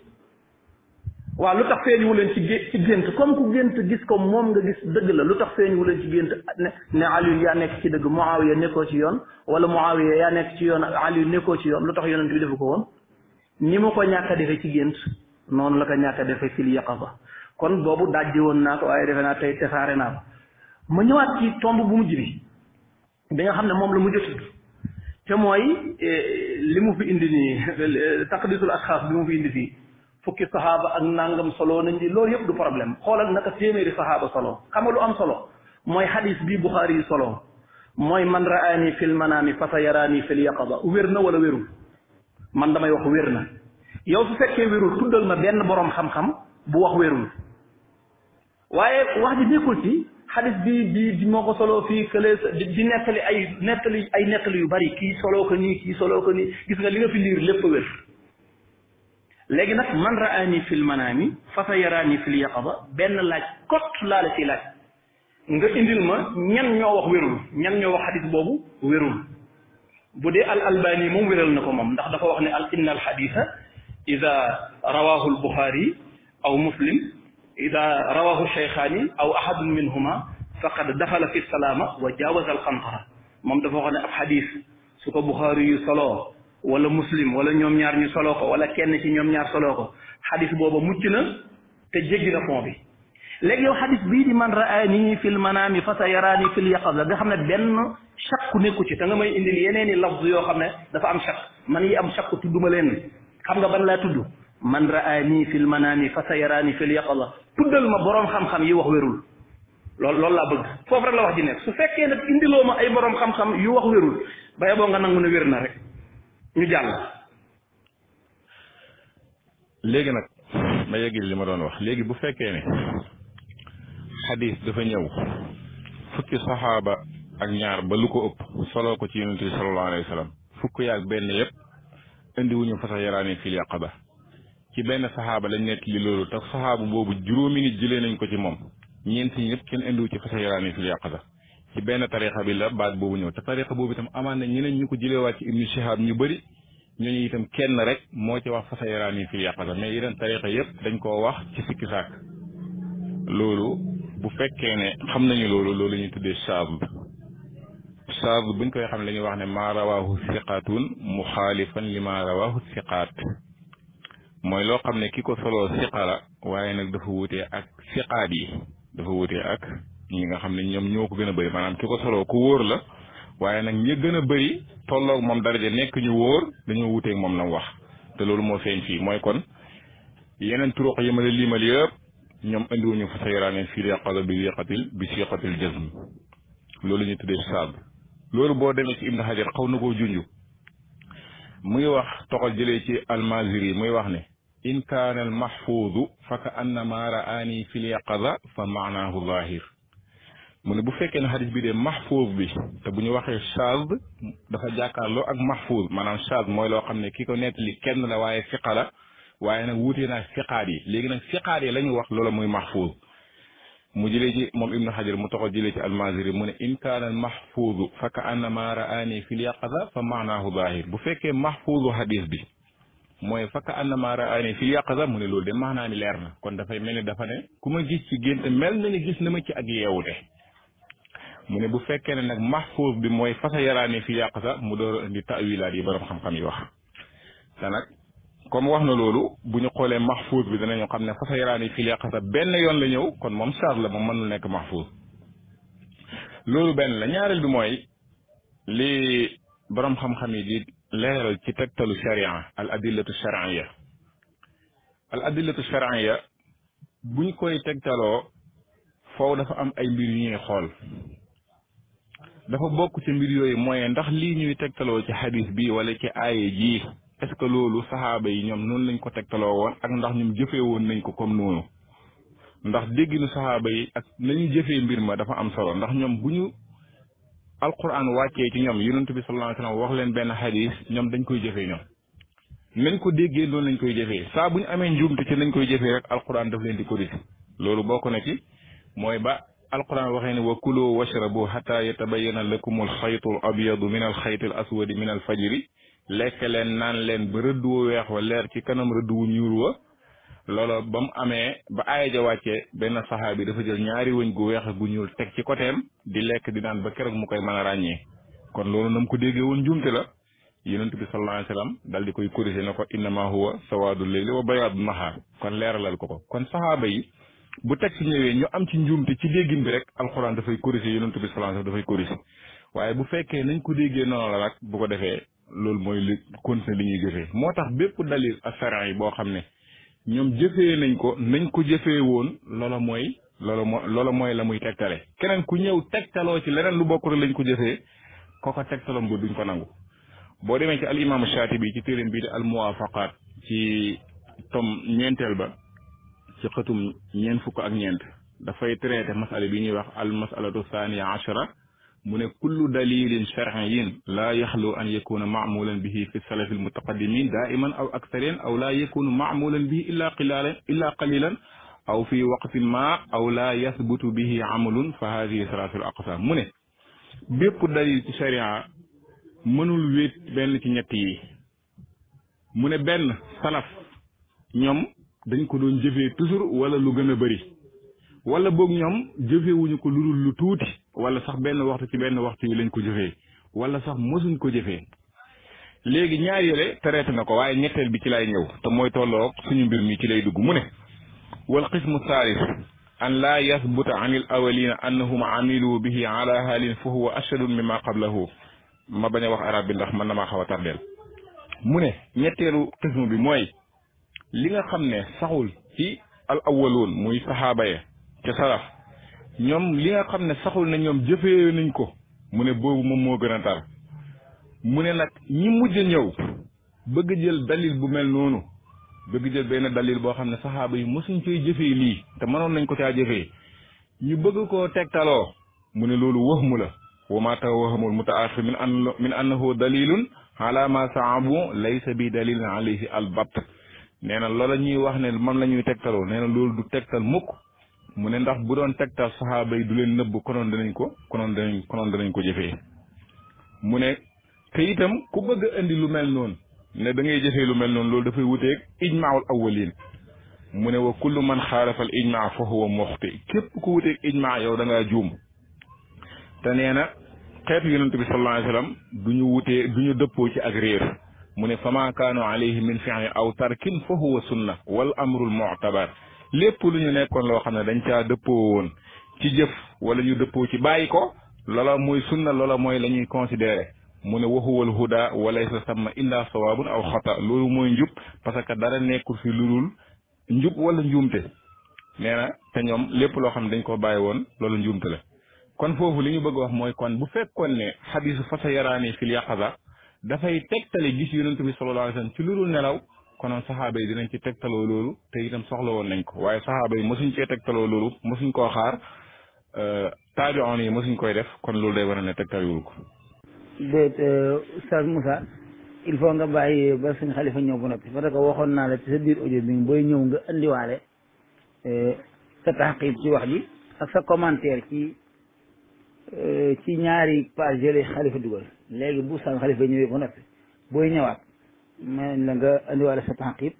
S2: waaw lu tax feeñwu leen ci ci gént comme ku gént gis ko moom nga gis dëgg la lu tax feeñwu leen ci gént ne ne Aliyu yaa nekk ci dëgg Muawiya nekkoo ci yoon wala Muawiya yaa nekk ci yoon Aliyu nekkoo ci yoon lu tax yonent bi defu ko woon ni mu ko ñàkk a defee ci gént noonu la ko ñàkk a defee fil yaqaba kon boobu dajji woon naa ko waaye defe naa tey tesaare naa ma ñëwaat ci tomb bi bi xam ne moom la mujj a te mooy e, li mu fi indi nii taqdisul asxaas bi mu fi indi fii fukki saxaaba ak nangam solo nañ loolu yëpp du problème xoolal naka téeméeri saxaaba solo xam nga am solo mooy xadis bi Buxaari yi solo mooy man raani fil manaami fa sa yaraani fil yaqaba wér na wala wérul man damay wax wér na yow su fekkee wérul tuddal ma benn boroom xam-xam bu wax wérul waaye wax ji nekkul hadith bi bi di moko solo fi kele di netali ay netali ay netali yu bari ki solo ko ni ki solo ko ni gis nga li nga fi lire lepp wër legi nak man raani fil manami fa sayarani fil yaqaba ben laaj kot la la ci laaj nga indil ma ñan ño wax wërul ñan ño wax hadis bobu wërul bu al albani moom wéral na ko ndax dafa wax ne al inna al haditha ida rawahu al bukhari aw muslim إذا رواه الشيخاني أو أحد منهما فقد دخل في السلامة وجاوز القنطرة مام دفعنا الحديث سكو بخاري صلاة ولا مسلم ولا نيوم نيار ني ولا كنيس ني نيوم نيار صلوك حديث بابا موتينا تجيجي لا فون بي لغي حديث بي من رأني في المنام فسيراني في اليقظه دا خامنا بن شك نيكو تي إن اندي يينين لفظ يو خامنا دا فا ام شك ماني ام شك تودوما لين خامغا بان لا تودو من رأني في المنام فسيراني في اليقظه tuddal ma boroom xam-xam yi wax wérul lool loolu laa bëgg foofu rek la wax ji nekk fekkee nag indiloo ma ay boroom xam-xam yu wax wérul ba yeboo nga nangu ne wér na rek ñu jàll
S3: léegi nag ma yegg li ma doon wax léegi bu fekkee ne xadis dafa ñëw fukki saxaaba ak ñaar ba lu ko ëpp soloo ko ci yonent bi sallallahu alayhi fukk yaag benn yëpp indiwuñu fasa yaraani fil yaqaba ci benn saxaaba lañ nekk li loolu te saxaaba boobu juróomi nit jëlee nañ ko ci moom ñeenti ñi ñëpp kenn indiwu ci fasa yaraani fil yàqata ci benn tarixa bi la baat boobu ñëw te tarixa boobu itam amaan na ñeneen ñu ko jëlewaat ci ibnu shihab ñu bari ñooñu itam kenn rek moo ci wax fasa yaraani fil yàqata mais yeneen tarixa yëpp dañ koo wax ci sikki sàkk loolu bu fekkee ne xam nañu loolu loolu ñu tuddee shaab shaab buñ koy xam ne ñuy wax ne maa rawaahu siqaatun muxaalifan li maa rawaahu siqaat mooy loo xam ne ki ko soloo siqa la waaye nag dafa wutee ak siqaat yi dafa wutee ak ñi nga xam ne ñoom ñoo ko gën a bëri maanaam ki ko soloo ko wóor la waaye nag ñi gën a bëri tolloog moom daraja nekk ñu wóor dañoo wuteeg moom la wax te loolu moo feeñ fii mooy kon yeneen turuq yi ma la limal yëpp ñoom indiwuñu fa sayraane fii liqala bi liqatil bi siqatil loolu ñu tuddee saab loolu boo demee ci ibn hajar xaw na koo junj muy wax toxal jëlee ci almaziri muy wax ne إن كان المحفوظ فكأنما رآني في اليقظة فمعناه ظاهر من بو فكين حديث بي دي محفوظ بي تا بو ني واخي شاذ دا فا جاكارلو اك محفوظ مانام شاذ موي لو خامني كيكو نيتلي كين لا واي ثقه لا واي نا ووتينا ثقات يي لغي نا ثقات لا ني واخ لولا موي محفوظ mu jile ci moom ibnu xajar mu taxo jile ci almaziri mu ne in kaana almahfuudu fa ka annama raani fi lyaqada fa maanaahu daahir bu fekkee mahfuudu hadis bi mooy fakka annama raani yàq yaqza mu ne loolu de maanaa ni leer na kon dafay mel ni dafa ne ku ma gis ci gént mel na ni gis na ma ci ak yeewute mu ne bu fekkee ne nag mahfuuz bi mooy fasa yaraani yàq sax mu door a indi tawilaat yi borom xam-xam yi wax te nag comme wax na loolu bu ñu xoolee max mahfuuz bi danañu xam ne fasa yaraani fil yaqza benn yoon la ñëw kon moom char la moom mënul nekk mahfuuz loolu benn la ñaareel bi mooy li borom xam-xam leeral ci tegtalu sharia al adillatu sharia al adillatu sharia buñ koy tegtaloo foofu dafa am ay mbir yu ñuy xool dafa bokk ci mbir yooyu mooy ndax lii ñuy tegtaloo ci xadis bi wala ci aaye jii est-ce que loolu saxaaba yi ñoom noonu lañ ko tegtaloo woon ak ndax ñoom jëfee woon nañ ko comme noonu ndax dégginu saxaaba yi ak nañu jëfee mbir ma dafa am solo ndax ñoom bu ñu القرآن واقعي تنيم يرون تبي صلى الله عليه وسلم وقلن بين الحديث نيم دين كوي جفي نيم من كو دي جيل دون دين كوي جفي سابون أمين جوم تشين دين كوي جفي القرآن دفلين دي كوريس لولو باكو نكي موي با القرآن وغيني وكلوا واشربوا حتى يتبين لكم الخيط الأبيض من الخيط الأسود من الفجر لكلن نان لن بردو ويخ ولير كي كنم ردو نيور ويخ looloo ba mu amee ba aaya ja wàccee benn saxaabi dafa jël ñaari wëñ gu weex gu ñuul teg ci côtéem di lekk di naan ba keroog mu koy mën ràññee kon loolu na mu ko déggee woon juumte la yonent bi sallallahu alayhi wasallam dal di koy corrigé na ko innama huwa sawaadu leyli wa bayaadu nahaar kon leeralal ko ko kon saxaaba yi bu teg ci ñëwee ñu am ci njuumte ci déggin bi rek alxuraan dafay corrigé yonent bi sallallahu alayhi dafay corrigé waaye bu fekkee nañ ko déggee noonu la nag bu ko defee loolu mooy li continué li ñuy jëfee moo tax bépp dalil asharin yi boo xam ne ñoom jëfee nañ ko nañ ko jëfee woon loola mooy loola moo loola mooy la muy tegtale keneen ku ñëw tegtaloo ci leneen lu bokkul lañ ko jëfee ko tegtaloom ba duñ ko nangu boo demee ci al imaamu Shaatibi ci téeréem bii di al muwaafaqaat ci tom ñeenteel ba ci xëtum ñeent fukk ak ñeent dafay traité masala bi ñuy wax al masalatu thania achara mu ne kullu dalilin shar'iyin laa yaxlu an yakuna maamulan bihi fi salaf almutaqaddimin daiman aw aktarin aw laa yakunu maamulan bihi illa qilalan illa qalilan aw fi waqtin ma aw laa yathbutu bihi amalun fa hadihi salatu al aqsam mu ne bépp dalil ci sharia mënul wéet benn ci ñett yi mu ne benn salaf ñoom dañ ko doon jëfee toujours wala lu gën a bëri wala bok ñom jëfé wuñu ko lulul lu tuuti wala sax ben waxtu ci ben waxtu yi lañ ko jëfé wala sax mësuñ ko jëfé légui ñaar yële traité na ko waaye ñetteel bi ci lay ñëw te moy tolo suñu mbir mi ci lay dugg mu ne wal qismu thalith an la yasbuta an il awalina annahum amilu bihi ala halin fa huwa ashad mimma qablahu ma baña wax arab bi ndax man na ma xawa tardel mu ne ñettelu qismu bi moy li nga xamne saxul ci al awwalun moy saxaaba ya ca saraf ñoom li nga xam ne saxul na ñoom jëfee nañ ko mu ne boobu moom moo gën a tar mu ne nag ñi mujj ñëw bëgg jël dalil bu mel noonu bëgg jël benn dalil boo xam ne saxaaba yi mosuñ fee jëfee lii te mënoon nañ ko caa jëfee ñu bëgg koo tegtaloo mu ne loolu wax mu la wa ma tawahhamul mutaaxir min an min annahu dalilun ala ma saabu laysa bi dalilin alayhi albat nee na loola ñuy wax ne moom la ñuy tegtaloo nee loolu du tegtal mukk mu ne ndax bu doon tegtal saxaaba yi du leen nëbb konoon danañ ko konoon danañ konoon danañ ko jëfee mu ne te itam ku bëgg indi lu mel noonu ne da ngay jëfee lu mel noonu loolu dafay wuteeg ijmaawul awwaliin mu ne wa kullu man xaalafa al ijmaa fa képp ku wuteeg ijmaa yow da juum te nee na xeetu yonent bi sallallahu alayhi du ñu wutee du ñu dëppoo ci ak réer mu ne fa maa kaanu alayhi min fi'li aw tarkin fa huwa sunna wal amrul mu'tabar lépp lu ñu nekkoon loo xam ne dañ caa dëppoo woon ci jëf wala ñu dëppoo ci bàyyi ko loola mooy sunna loola mooy la ñuy considéré mu ne waxuwal huda walaysa sama illa sawaabun aw xata loolu mooy njub parce que dara nekkul fi lu dul njub wala njuumte nee na te ñoom lépp loo xam ne dañ ko bàyyi woon loolu njuumte la kon foofu li ñu bëgg a wax mooy kon bu fekkoon ne xadisu fasa yaraani fil yaqaza dafay tegtale gis yonent bi sallallahu alayhi wa sallam lu nelaw konoon saxaaba yi dinañ ci tegtaloo loolu te itam soxla woon nañ ko waaye saxaaba yi mosuñ cee tegtaloo loolu mosuñ koo xaar euh, taabi'oon yi mosuñ koy def kon loolu day war a ne tegtaliwul ko.
S1: déet euh, Oustaz il faut nga bàyyi ba suñ xalifa ñëw bu noppi parce que waxoon naa la ci sa biir audio bi booy ñëw nga andiwaale euh, sa ci wax ji ak sa commentaire ci ñaari page yële xalifa dugal léegi noppi booy ñëwaat. nee nañ la nga indiwaale sa tànqib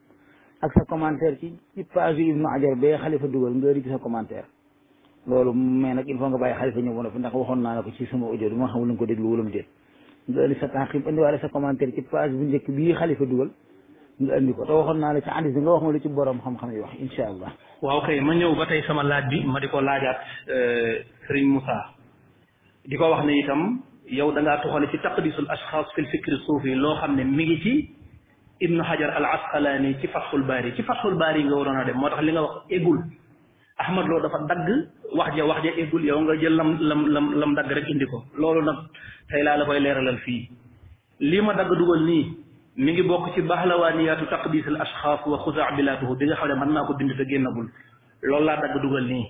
S1: ak sa commentaire ci ci page yu Ibnu Hajar xalifa dugal nga rëcc sa commentaire loolu mais nag il faut nga bàyyi xalifa ñëwoon fi ndax waxoon naa la ko ci sama audio bi ko déglu wala mu déet nga indi sa sa commentaire ci page bu njëkk bi xalifa dugal nga indi ko te waxoon naa la ci hadis bi nga wax ma lu ci borom xam-xam yi wax incha allah.
S2: waaw kay ma ñëw ba tey sama laaj bi ma di ko laajaat euh, Serigne Moussa di ko wax na itam yow da toxoon toxale ci taqdisul ashxaas fil fikri suufi loo xam ne mi ngi ci. ابن حجر العسقلاني في فتح الباري في فتح الباري غورنا دم ما تخلينا وقت إقول أحمد لو دفع دغ واحد واحد إقول يوم غير لم لم لم لم دغ رك إنديكو لو لو نب تيلا لو في لير للفي لما دغ دول ني مي بوك سي بحلواني ياتو تقديس الاشخاص وخزع بلاته ديغا خا من ماكو بيند دغين نبول لول لا دغ دوغال ني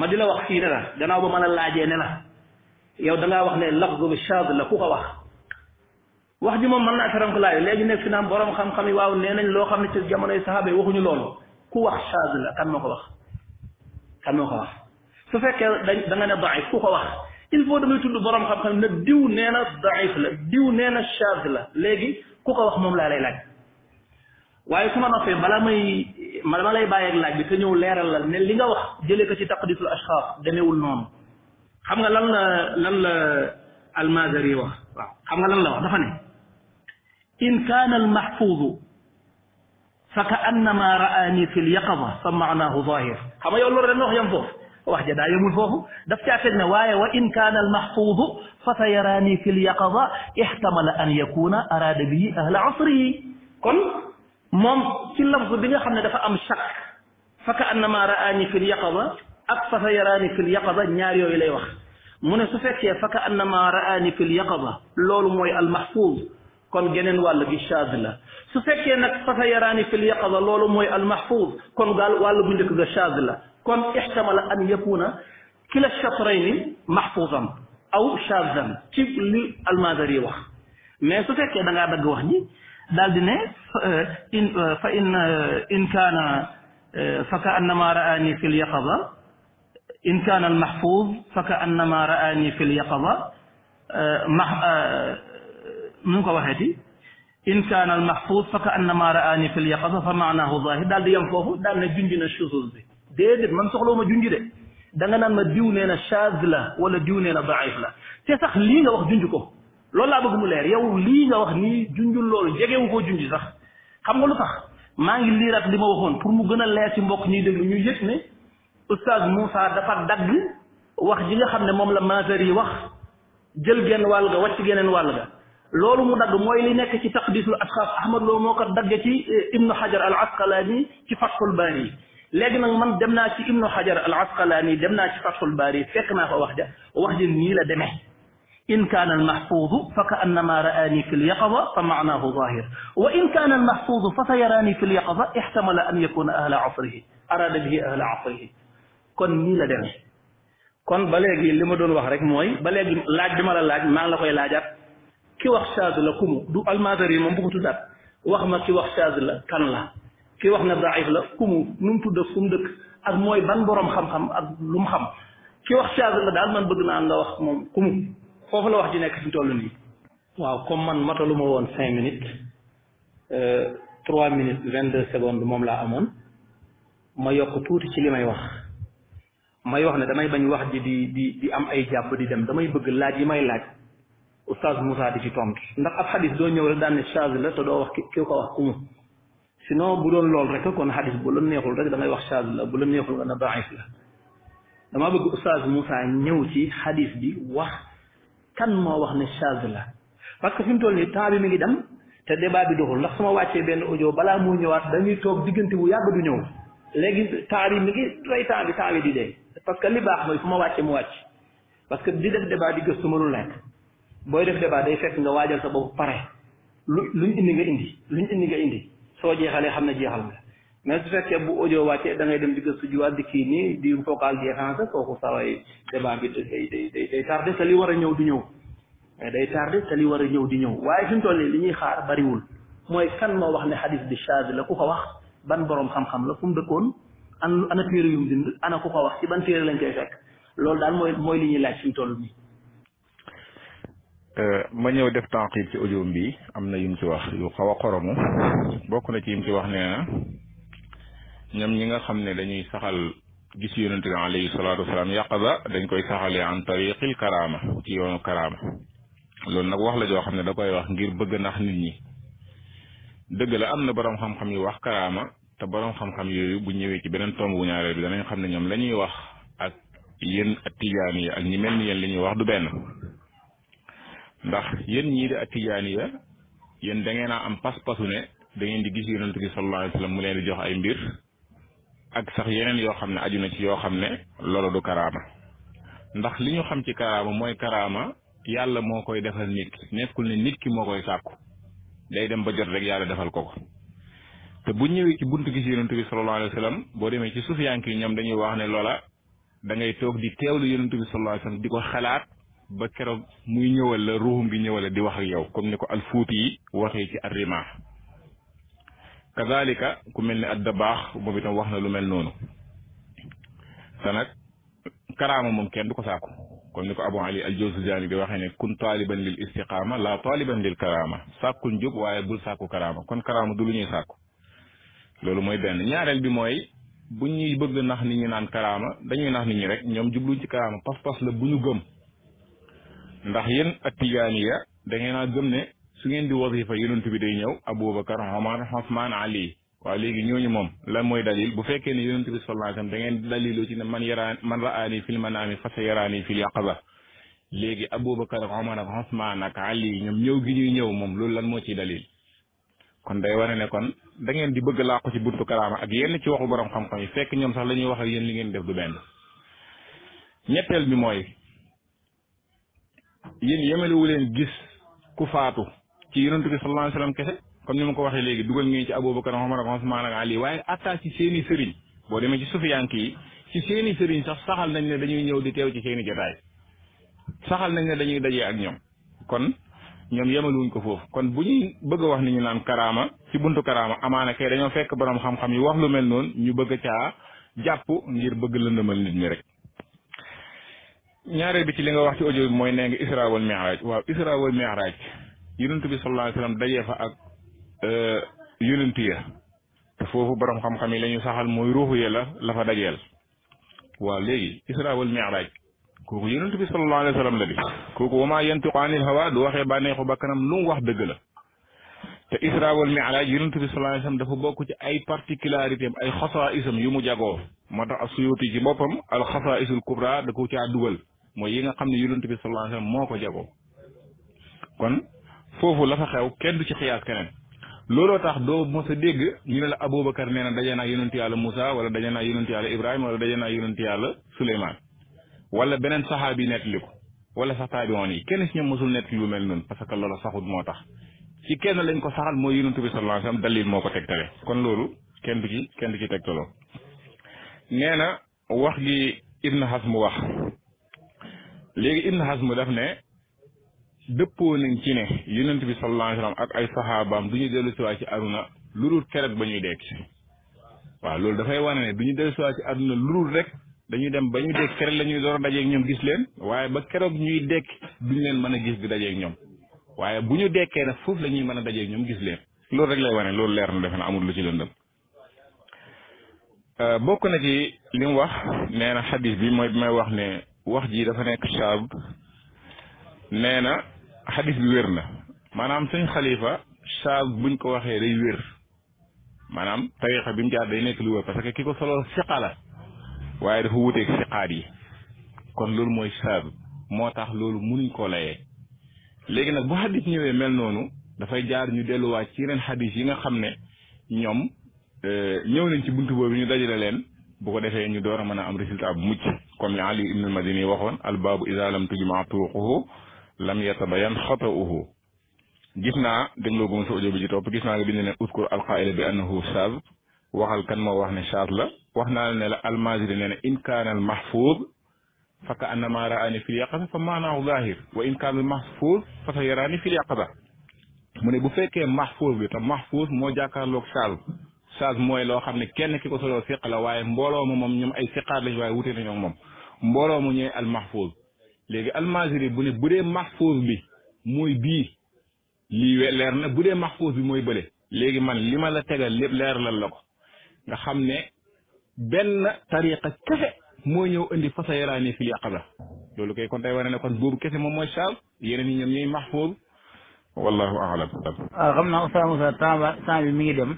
S2: ما دي لا واخ سي دا غناو با مانا لاجي نلا يو دا وخ ني لفظ الشاذ لا كوكا واخ wax ji mom man na naa ferank laay legi nek fi nam borom xam-xam yi waaw nee lo xamni ci jamono ay jamonoy waxu ñu lool ku wax shaaz la kan mako wax kan mako wax su fekke da nga ne daif ku ko wax il faut damay tuddu borom xam-xam na diw neena daif la diw neena na shaaz la legi ku ko wax mom la lay laaj waye su ma bala may mal malay baye ak laaj bi te ñëw leral la ne li nga wax jele ko ci taqdisul ashkhaf demewul non xam nga lan la lan la almazari wax xam nga lan la wax dafa ne إن كان المحفوظ فكأنما رآني في اليقظة فمعناه ظاهر كما يقول الله رنوح ينظر واحد دا يمول فوه في نوايا وإن كان المحفوظ فسيراني في اليقظة احتمل أن يكون أراد به أهل عصره كن مم في اللفظ بني خمنا دفع أم شك فكأنما رآني في اليقظة ak fa في اليقظة نياريو إلي yooyu من wax فكأنما رآني في اليقظة fa موي المحفوظ kon geneen wàll gi shaad la su fekkee nag safa yaraani fil yaqada loolu mooy al mahfuz kon gaal wàll bu njëkk ga shaad la kon ihtamala an yakuna kila shatrayni mahfuzan aw shaadan ci li almadari wax mais su fekkee da ngaa dagg wax ji daal di ne in fa in in kaana fa ka annama raani fil yaqada in kaana al mahfuz fa ka annama raani fil yaqada nu mu ko waxeeti in kaana al mahfuz fa ka annama raani fi l yaqaza fa maanaahu zahir daal di yem foofu daal ne junj na shusus bi déedéet man soxlawu ma junj de da nga naan ma diw nee na chaz la wala diw nee na daif la te sax lii nga wax junj ko loolu laa bëgg mu leer yow lii nga wax nii junjul loolu jegewu koo junj sax xam nga lu tax maa ngi liiraat li ma waxoon pour mu gën a leer ci mbokk ñuy déglu ñu yëg ne oustaz Moussa dafa dagg wax ji nga xam ne moom la Mazari yi wax jël genn wàll ga wàcc geneen wàll ga loolu mu dagg mooy li nekk ci taqdisul asxaas ahmad loo moo ko dagg ci ibnu hajar al asqalaani ci fathul baari léegi nag man dem naa ci ibnu hajar al asqalaani dem naa ci fathul baari fekk naa fa wax ja wax ja nii la demee إن كان المحفوظ فكأنما رآني في اليقظة فمعناه ظاهر وإن كان المحفوظ فسيراني في اليقظة احتمل أن يكون أهل عصره أراد به أهل عصره كن نيلا دمي كن بلغي اللي مدون وحرك موي بلغي لاج بما لاج ما لكوي لاجات ki wax shaaz la kumu du almaazari yi moom bu ko tuddaat wax ma ki wax shaaz la kan la ki wax na daif la kumu nu mu tudd ak dëkk ak mooy ban boroom xam-xam ak lu mu xam ki wax shaaz la daal man bëgg naa nga wax moom kumu foofu la wax ji nekk fi mu toll nii. waaw comme man mataluma woon cinq minutes euh, trois minutes vingt deux secondes moom laa amoon ma yokk tuuti ci li may wax may wax ne damay bañ wax ji di di di am ay jàpp di dem damay bëgg laaj yi may laaj. oustaz Moussa di ci tontu ndax ab xadis doo ñëw rek daan ne chaz la te doo wax ki ko wax umu sinon bu doon lool rek kon xadis bu la neexul rek da wax chaz la bu la neexul nga ne daif la damaa bëgg oustaz Moussa ñëw ci xadis bi wax kan wax ne chaz la parce que fi mu toll nii temps bi mi ngi dem te débat bi doxul ndax su ma wàccee benn audio balaa moo ñëwaat dañuy toog diggante bu yàgg du ñëw léegi temps bi mi ngi rey temps bi di dee parce que li baax mooy su ma wàccee mu wàcc parce que di def débat di gëstu mënul nekk. booy def débat day fekk nga waajal sa bopp pare lu luñ indi nga indi luñ indi nga indi soo jeexalee xam ne jeexal na mais su fekkee bu audio wàccee da ngay dem di gëstu jiwaat di kii nii di vocal di échanger kooku saway débat bi day day day day tardé te li war a ñëw du ñëw day tardé te li war a ñëw di ñëw waaye fi mu toll nii li ñuy xaar bariwul mooy kan moo wax ne xadis bi charge la ku ko wax ban borom xam-xam la fu mu dëkkoon an ana téere yu mu ana ku ko wax ci ban téere lañ koy fekk loolu daal mooy mooy li ñuy laaj fi mu toll
S3: Euh, ma ñëw def tànqib ci audio bi am na yum ci wax yu xaw a xoromu bokk na ci yum ci wax nee na ñoom ñi nga xam ne dañuy saxal gis yonente bi alayhi salaatu wasalaam dañ koy saxalee an tariqil karaama ci yoonu loolu nag wax la joo xam ne da wax ngir bëgg nax nit ñi dëgg la am na boroom xam-xam yu wax karaama te borom xam-xam yooyu bu ñëwee ci beneen tomb bu ñaareel bi danañ xam ne ñoom la ñuy wax ak yéen tijaan yi ak ñi mel ni li ñuy wax du benn ndax yéen ñii de di atijaaniya ya da dangeen a am pas-pasu ne da ngeen di gis yonent bi sallallahu alayhi wa mu leen di jox ay mbir ak sax yeneen yoo xam ne aju na ci yoo xam ne loolu du karaama ndax li ñu xam ci karaama mooy karaama yàlla moo koy defal nit ki ne nit ki moo koy sàkku day dem ba jot rek yàlla defal ko ko te bu ñëwee ci buntu gis yonent bi sallallahu alayhi wa boo demee ci sufiyank yi ñoom dañuy wax ne loola da ngay toog di teewlu yonent bi sallallahu alayhi di ko xalaat ba keroog muy ñëwal la ruuxum gi ñëwal la di wax ak yow comme ni ko alfuuti yi waxee ci arrima kazalika ku mel ni adda baax moom tam wax na lu mel noonu te nag karaama moom kenn du ko sàkku kon ni ko abu ali aljawzijaani bi waxee ne kun taaliban lil istiqaama la taaliban lil karaama sàkku njub waaye bul sàkku karaama kon karaama du lu ñuy sàkku loolu mooy benn ñaareel bi mooy bu ñuy bëgg nax ni ñu naan karaama dañuy nax ni ñi rek ñoom jublu ci karaama pas la bu ñu gëm ndax yéen attijaaniya da ngeen a gëm ne su ngeen di wasifa yonent bi day ñëw aboubacar omar osman ali waaw léegi ñooñu moom lan mooy dalil bu fekkee ne yonent bi sallallahu alayhi da ngeen daliloo ci ne man yaraa man raani fil manaami fa sa yaraani fil yaqaza léegi aboubacar ak omar ak osman ak ali ñoom ñëw gi ñuy ñëw moom loolu lan moo ciy dalil kon day wane ne kon da ngeen di bëgg laa ci buntu karaama ak yenn ci waxu borom xam-xam yi fekk ñoom sax la ñuy wax ak yéen li ngeen def du benn ñetteel bi mooy yéen yemalewu leen gis ku faatu ci yonentu bi sallallahu alayhi wasallam kese comme ni ma ko waxee léegi dugal ngeen ci Abubakar Omar ak Usmaan ak Ali waaye atta ci seeni sëriñ boo demee ci sufiyank yi ci seeni sëriñ sax saxal nañ ne dañuy ñëw di teew ci seeni jotaay saxal nañ ne dañuy dajee ak ñoom kon ñoom yemaluwuñ ko foofu kon bu ñuy bëgg wax ni ñu naan karaama ci buntu karaama amaana kay dañoo fekk borom xam-xam yi wax lu mel noonu ñu bëgg caa jàpp ngir bëgg lëndëmal nit ñi rek ñaareel bi ci li nga wax ci audio bi moy neeng isra wal mi'raj wa isra wal mi'raj yonent bi sallallahu alayhi wasallam sallam fa ak yonent ya fofu borom xam-xam yi lañu saxal moy ruhu ya la la fa dajel wa léegi isra wal mi'raj koku yonent bi sallallahu alayhi wasallam la bi koku wama yantiqu anil hawa du waxe banexu bakanam lu wax deug la te isra wal miraaj yonent bi sallallahu alayhi wa dafa bokk ci ay particularité ay xasaisam yu mu jagoo moo tax ci boppam al xasaisul kubra da ko caa dugal moy yi nga xam yulunte bi sallallahu alayhi wasallam moko jago kon fofu la fa xew kenn du ci xiyaas kenen lolo tax do mo sa deg ñu la abou bakkar neena dajena yulunte yàlla musa wala dajena yulunte yàlla ibrahim wala dajena yulunte yàlla suleyman wala benen sahabi nettali ko wala sa taabiwoon yi kenn ci ñoom musul net lu mel non parce que lolo saxut motax ci kenn lañ ko saxal moy yulunte bi sallallahu alayhi wasallam dalil moko tek tale kon lolu kenn du ci kenn du ci tek tolo neena wax gi Ibn Hazm wax. léegi Ibn mu def ne dëppoo nañ ci ne yonent bi sallallahu alayhi ak ay saxaabaam du ñu dellu si ci aduna lu dul keroog ba ñuy dekki waaw loolu dafay wane ne du ñu dellu si waat ci aduna lu dul rek dañuy dem ba ñu dekk keroog la ñuy door a ñoom gis leen waaye ba keroog ñuy dekk duñ leen mën a gis di dajeeg ñoom waaye bu ñu dekkee nag foofu la ñuy mën a dajeeg ñoom gis leen loolu rek lay wane loolu leer na defe na amul lu ci lëndëm euh, bokk na ci wax nee na xadis bi mooy bi wax ne wax ji dafa nekk shaab nee na xadis bi wér na maanaam sëñ xalifa shaab buñ ko waxee day wér maanaam tariqa bi mu jaar day nekk lu wér parce que ki ko solo siqa la waaye dafa wuteeg siqaat yi kon loolu mooy shaab moo tax loolu munuñ koo layee léegi nag bu xadis ñëwee mel noonu dafay jaar ñu delluwaat ci leen xadis yi nga xam ne ñoom euh, ñëw nañ ci buntu boobu ñu dajale leen bu ko defee ñu door a mën a am résultat bu mucc كم علي ابن المديني وخون الباب اذا لم تجمع طرقه لم يتبين خطاه جسنا دغلو بو سو جوبي جي توپ جسنا بيندنا اذكر القائل بانه شاذ وخال كان ما واخني شاذ لا واخنا لنا الماجد لنا ان كان المحفوظ فكانما راني في اليقظه فمعناه ظاهر وان كان المحفوظ فتراني في اليقظه من بو فكه محفوظ بي محفوظ مو جاكارلوك شاذ sag mooy loo xam ne kenn ki ko soloo siq la waaye mbooloo ma moom ñoom ay siqaat lañ waaye wute nañoo moom mbooloo mu ñooy almahfuz léegi almaziri bu ne bu dee mahfuz bi mooy bii lii leer na bu dee mahfuz bi mooy bële léegi man li ma la tegal lépp leeralal la ko nga xam ne benn tariqa kese mooy ñëw indi fasa yaraani fil yaqaba loolu kay kon tey wane ne kon boobu kese moom mooy saal yeneen ñi ñoom ñooy mahfuz wallahu aalam xam
S1: naa Oustaz Moussa temps bi mi ngi dem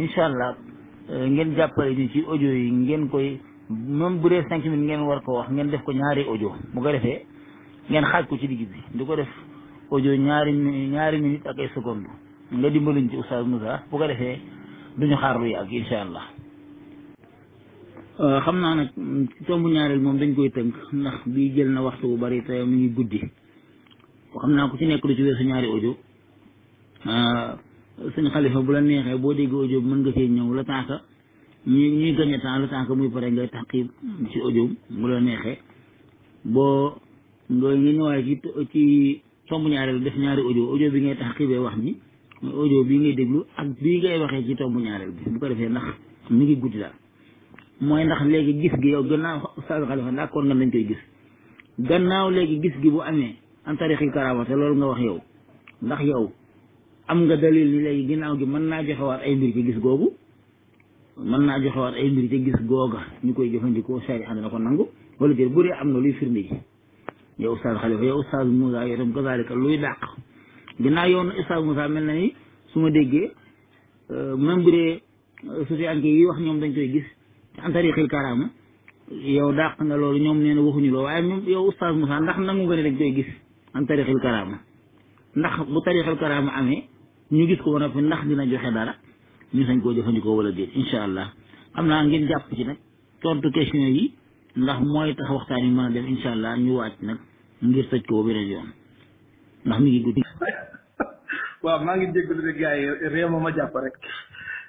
S1: incha allah eh, ngeen jàppale ñu ci audio yi ngeen koy moom bu dee cinq minutes ngeen war ko wax ngeen def ko ñaari audio bu ko defee ngeen xaaj ko ci digg bi du ko def audio ñaari ñaari minutes ak ay seconde nga dimbaluñ ci oustaz Moussa bu ko defee duñu xaar lu yàgg incha allah eh, xam naa nag tomb ñaareel moom dañ koy tënk ndax bii jël na waxtu bu bari te mu ngi guddi xam naa ku ci nekk lu ci weesu ñaari audio eh, sëñ xalifa bu la neexee boo déggee audio mën nga see ñëw la taaka ñuy ñuy gagné temps la taaka muy pare ngay tàqi ci audio bu la neexee boo nga ngi ñëwaay ci ci tomb ñaareel def ñaari audio audio bi ngay tàqibee wax ni mooy audio bii ngay déglu ak bi ngay waxee ci tomb ñaareel bi bu ko defee ndax mu ngi guddi la mooy ndax léegi gis gi yow gannaaw Oustaz Xalifa d'accord nga dañ koy gis gannaaw léegi gis gi bu amee en tarixi karaama te loolu nga wax yow ndax yow am nga dalil ni léegi ginnaaw gi mën naa joxewaat ay mbir ci gis googu mën naa joxewaat ay mbir ci gis googa ñu koy jëfandikoo sari ànd na ko nangu wala déet bu dee am na luy firnde ji yow oustaz Xalifa yow oustaz Moussa yow tam kazalika dàq ginnaaw yow na oustaz Moussa mel na su ma déggee euh, même bu dee euh, société wax ñoom dañ koy gis te an tariqil karaama yow dàq nga loolu ñoom nee waxuñu loo waaye même yow oustaz Moussa ndax nangu nga ne dañ koy gis an tariqil karaama ndax bu tariqil karaama amee ñu gis ko ba noppi ndax dina joxe dara ñu sañ koo jëfandikoo wala déet incha allah xam naa ngeen jàpp ci nag tontu question yi ndax mooy tax waxtaan yi mën a dem incha allah ñu waaj nag ngir tëj ko mi ngi guddi.
S2: maa ngi jégalu rek gars yi réew ma ma jàpp rek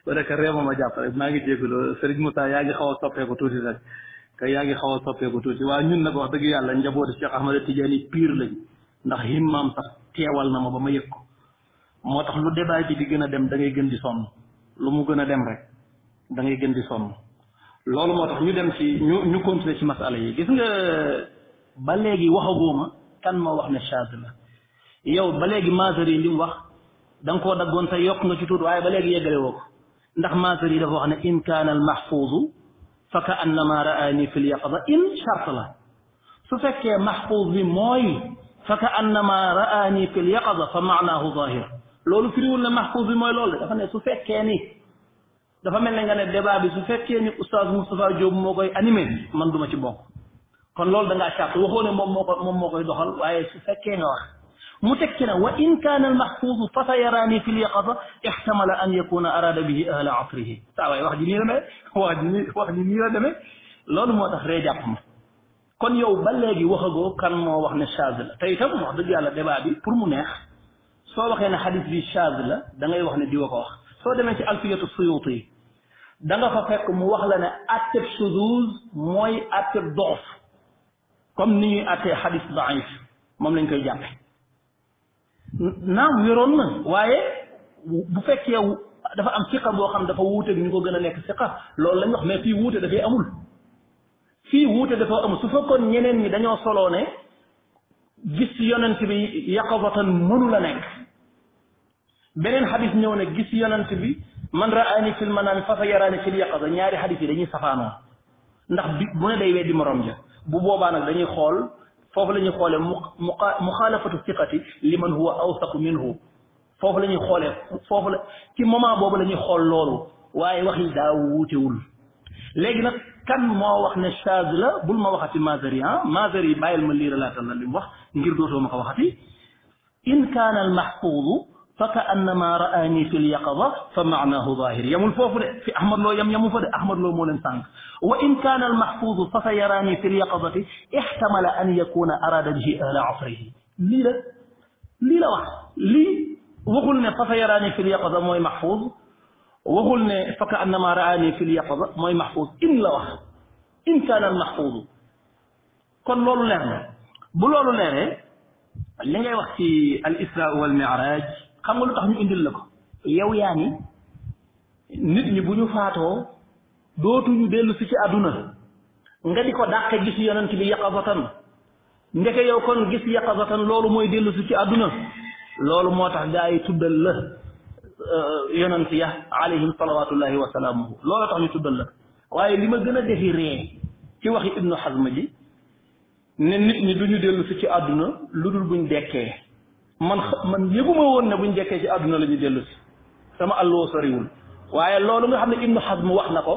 S2: rek réew ma ma maa ngi jégalu Serigne Moussa yaa ngi xaw a soppeeku tuuti rek te yaa ngi xaw a soppeeku tuuti waaw ñun nag wax dëgg yàlla njabootu Cheikh Ahmed Tidiane piir lañ ndax himmam sax teewal na ma ba ma yëg moo tax lu débat bi di gën a dem da ngay gën di sonn lu mu gën a dem rek dangay ngay gën di sonn loolu moo tax ñu dem ci ñu ñu continuer ci masala yi gis nga ba léegi waxaguma kan moo wax ne shaad la yow ba léegi maasar yi li wax da nga koo daggoon sa yokk nga ci tuut waaye ba léegi yeggale woo ndax maasar yi dafa wax na in kaana al mahfuuzu fa ka annama raani fi lyaqada in chart la su fekkee mahfuuz bi mooy fa ka annama raani fi lyaqada fa maanaahu zahir loolu firiwul ne mahfuz bi mooy loolu dafa ne su fekkee ni dafa mel ne nga ne débat bi su fekkee ni oustaz Moustapha Diop moo koy animé man duma ci bokk kon loolu da ngaa charte waxoo ne moom moo ko moom moo koy doxal waaye su fekkee nga wax mu teg ci ne wa in kaana almahfuudu fasayaraani fi lyaqasa ixtamala an yakuna arada bihi ahla asrihi saa waay wax ji nii la demee wax ji nii wax ji nii la demee loolu moo tax ree jàpp ma kon yow ba léegi waxagoo kan moo wax ne charge la te itam wax dëgg yàlla débat bi pour mu neex soo waxee ne xadis bi chaz la da ngay wax ne diwa ko wax soo demee ci alfiyatu suyuti da nga fa fekk mu wax la ne atteb suduz mooy atteb doof comme ni ñuy attee xadis daif moom lañ koy jàppe naam wéroon na waaye bu fekkee dafa am siqa boo xam dafa wuuteeg ñu ko gën a nekk siqa loolu lañ wax mais fii wuute dafay amul fii wuute dafa amul su fekkoon ñeneen ñi dañoo soloo ne gis yonent bi yaqobatan mënu la nekk beneen xadis ñëw ne gis yonent bi man raani fil manaami fa sa yaraani ñaari xadis yi dañuy safaanoo ndax bi bu ne day weddi ja bu boobaa nag dañuy xool foofu la ñuy xoolee mu mu muxaalafatu siqati liman huwa awsaqu minhu foofu la ñuy xoolee foofu la ci moment boobu la ñuy xool loolu waaye wax yi daa wuutewul léegi nag kan moo wax ne chage la bul ma waxati Mazari ah Mazari bàyyil ma liira laatal la li mu wax ngir dootoo ma ka waxati in kaana al فكأنما رآني في اليقظة فمعناه ظاهر يم الفوفر في أحمر لو يم يم فد أحمر لو مولن سانك وإن كان المحفوظ فسيراني في اليقظة احتمل أن يكون أراد به أهل عصره لي ليلا لي واحد لي وقلنا فسيراني في اليقظة موي محفوظ وقلنا فكأنما رآني في اليقظة موي محفوظ إن لا واحد إن كان المحفوظ كن لولو ليرنا بلولو ليرنا اللي, اللي, وقت الإسراء والمعراج xam nga lu tax ñu indil la ko yow yaa ni nit ñi bu ñu faatoo dootuñu dellu si ci aduna nga di ko dàqe gis yonent bi yaqazatan nga ke yow kon gis yaqazatan loolu mooy dellu si ci aduna loolu moo tax gaa yi tuddal la yonent ya alayhim salawatullahi wa salaamuhu loolu tax ñu tuddal la waaye li ma gën a defi ree ci waxi ibnu xasma ji ne nit ñi duñu dellu si ci àdduna lu dul buñ dekkee man man yëguma woon ne buñ jekkee ci àdduna la ñu dellu si sama àlloo soriwul waaye loolu nga xam ne Ibnu Hazm wax na ko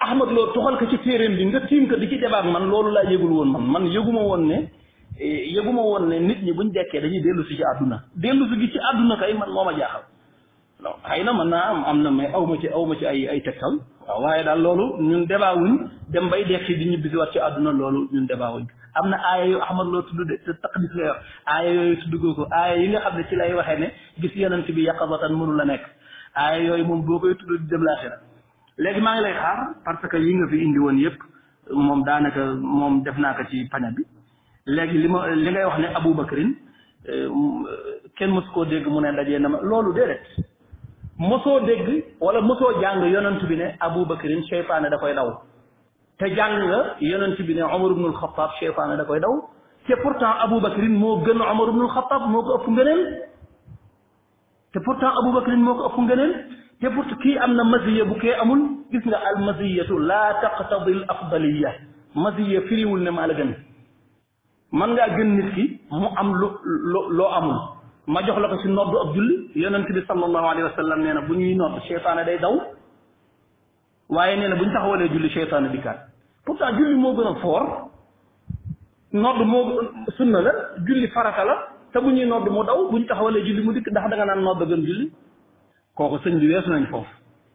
S2: Ahmad Lo toxal ko ci téeréem bi nga tiim ko di ci débat man loolu laa yëgul woon man man yëguma woon ne eh, yëguma woon ne nit ñi buñ dekkee dañuy dellu si ci àdduna dellu si ci àdduna kay man moo ma jaaxal non xëy na man naa am am na mais awma ci awma ci ay ay tegtal waaw waaye daal loolu ñun débat wuñ dem bay dekki di ñibbisiwaat ci àdduna loolu ñun débat am na aaya yu ahmad loo tudd de te taqdis nga yooyu ko aaya yi nga xam ne ci lay waxee ne gis yonent bi yaqazatan mënu la nekk aaya yooyu moom boo koy tudd di dem laaxira léegi maa ngi lay xaar parce que yi nga fi indi woon yëpp moom daanaka moom def naa ko ci paña bi léegi li ma li ngay wax ne abou bakrin euh, kenn mosu koo dégg mu ne dajee na ma loolu déedéet mosoo dégg wala mosoo jàng yonent bi ne abou bakrin seytaane da koy daw te jàng nga yonent bi ne Omar ibnul Xataab cheytaane da koy daw te pourtant Aboubacrin moo gën Omar ibnul Xataab moo ko ëpp ngëneel te pourtant Aboubacrin moo ko ëpp ngëneel te pourtant kii am na masiya bu kee amul gis nga al masiyatu laa taqtadi al afdaliya masiya firiwul ne maa la gën man ngaa gën nit ki mu am lu loo amul ma jox la ko ci noddu ab julli yonent bi sallallahu alayhi wa sallam nee na bu ñuy nodd cheytaane day daw waaye nee na bu ñu taxawalee julli seytaane dikkaat pourtant julli moo gën a foor nodd moo sunna la julli farata la te bu ñuy nodd mu daw bu ñu taxawalee julli mu dikk ndax da nga naan nodd gën julli kooku sëñ bi weesu nañ foofu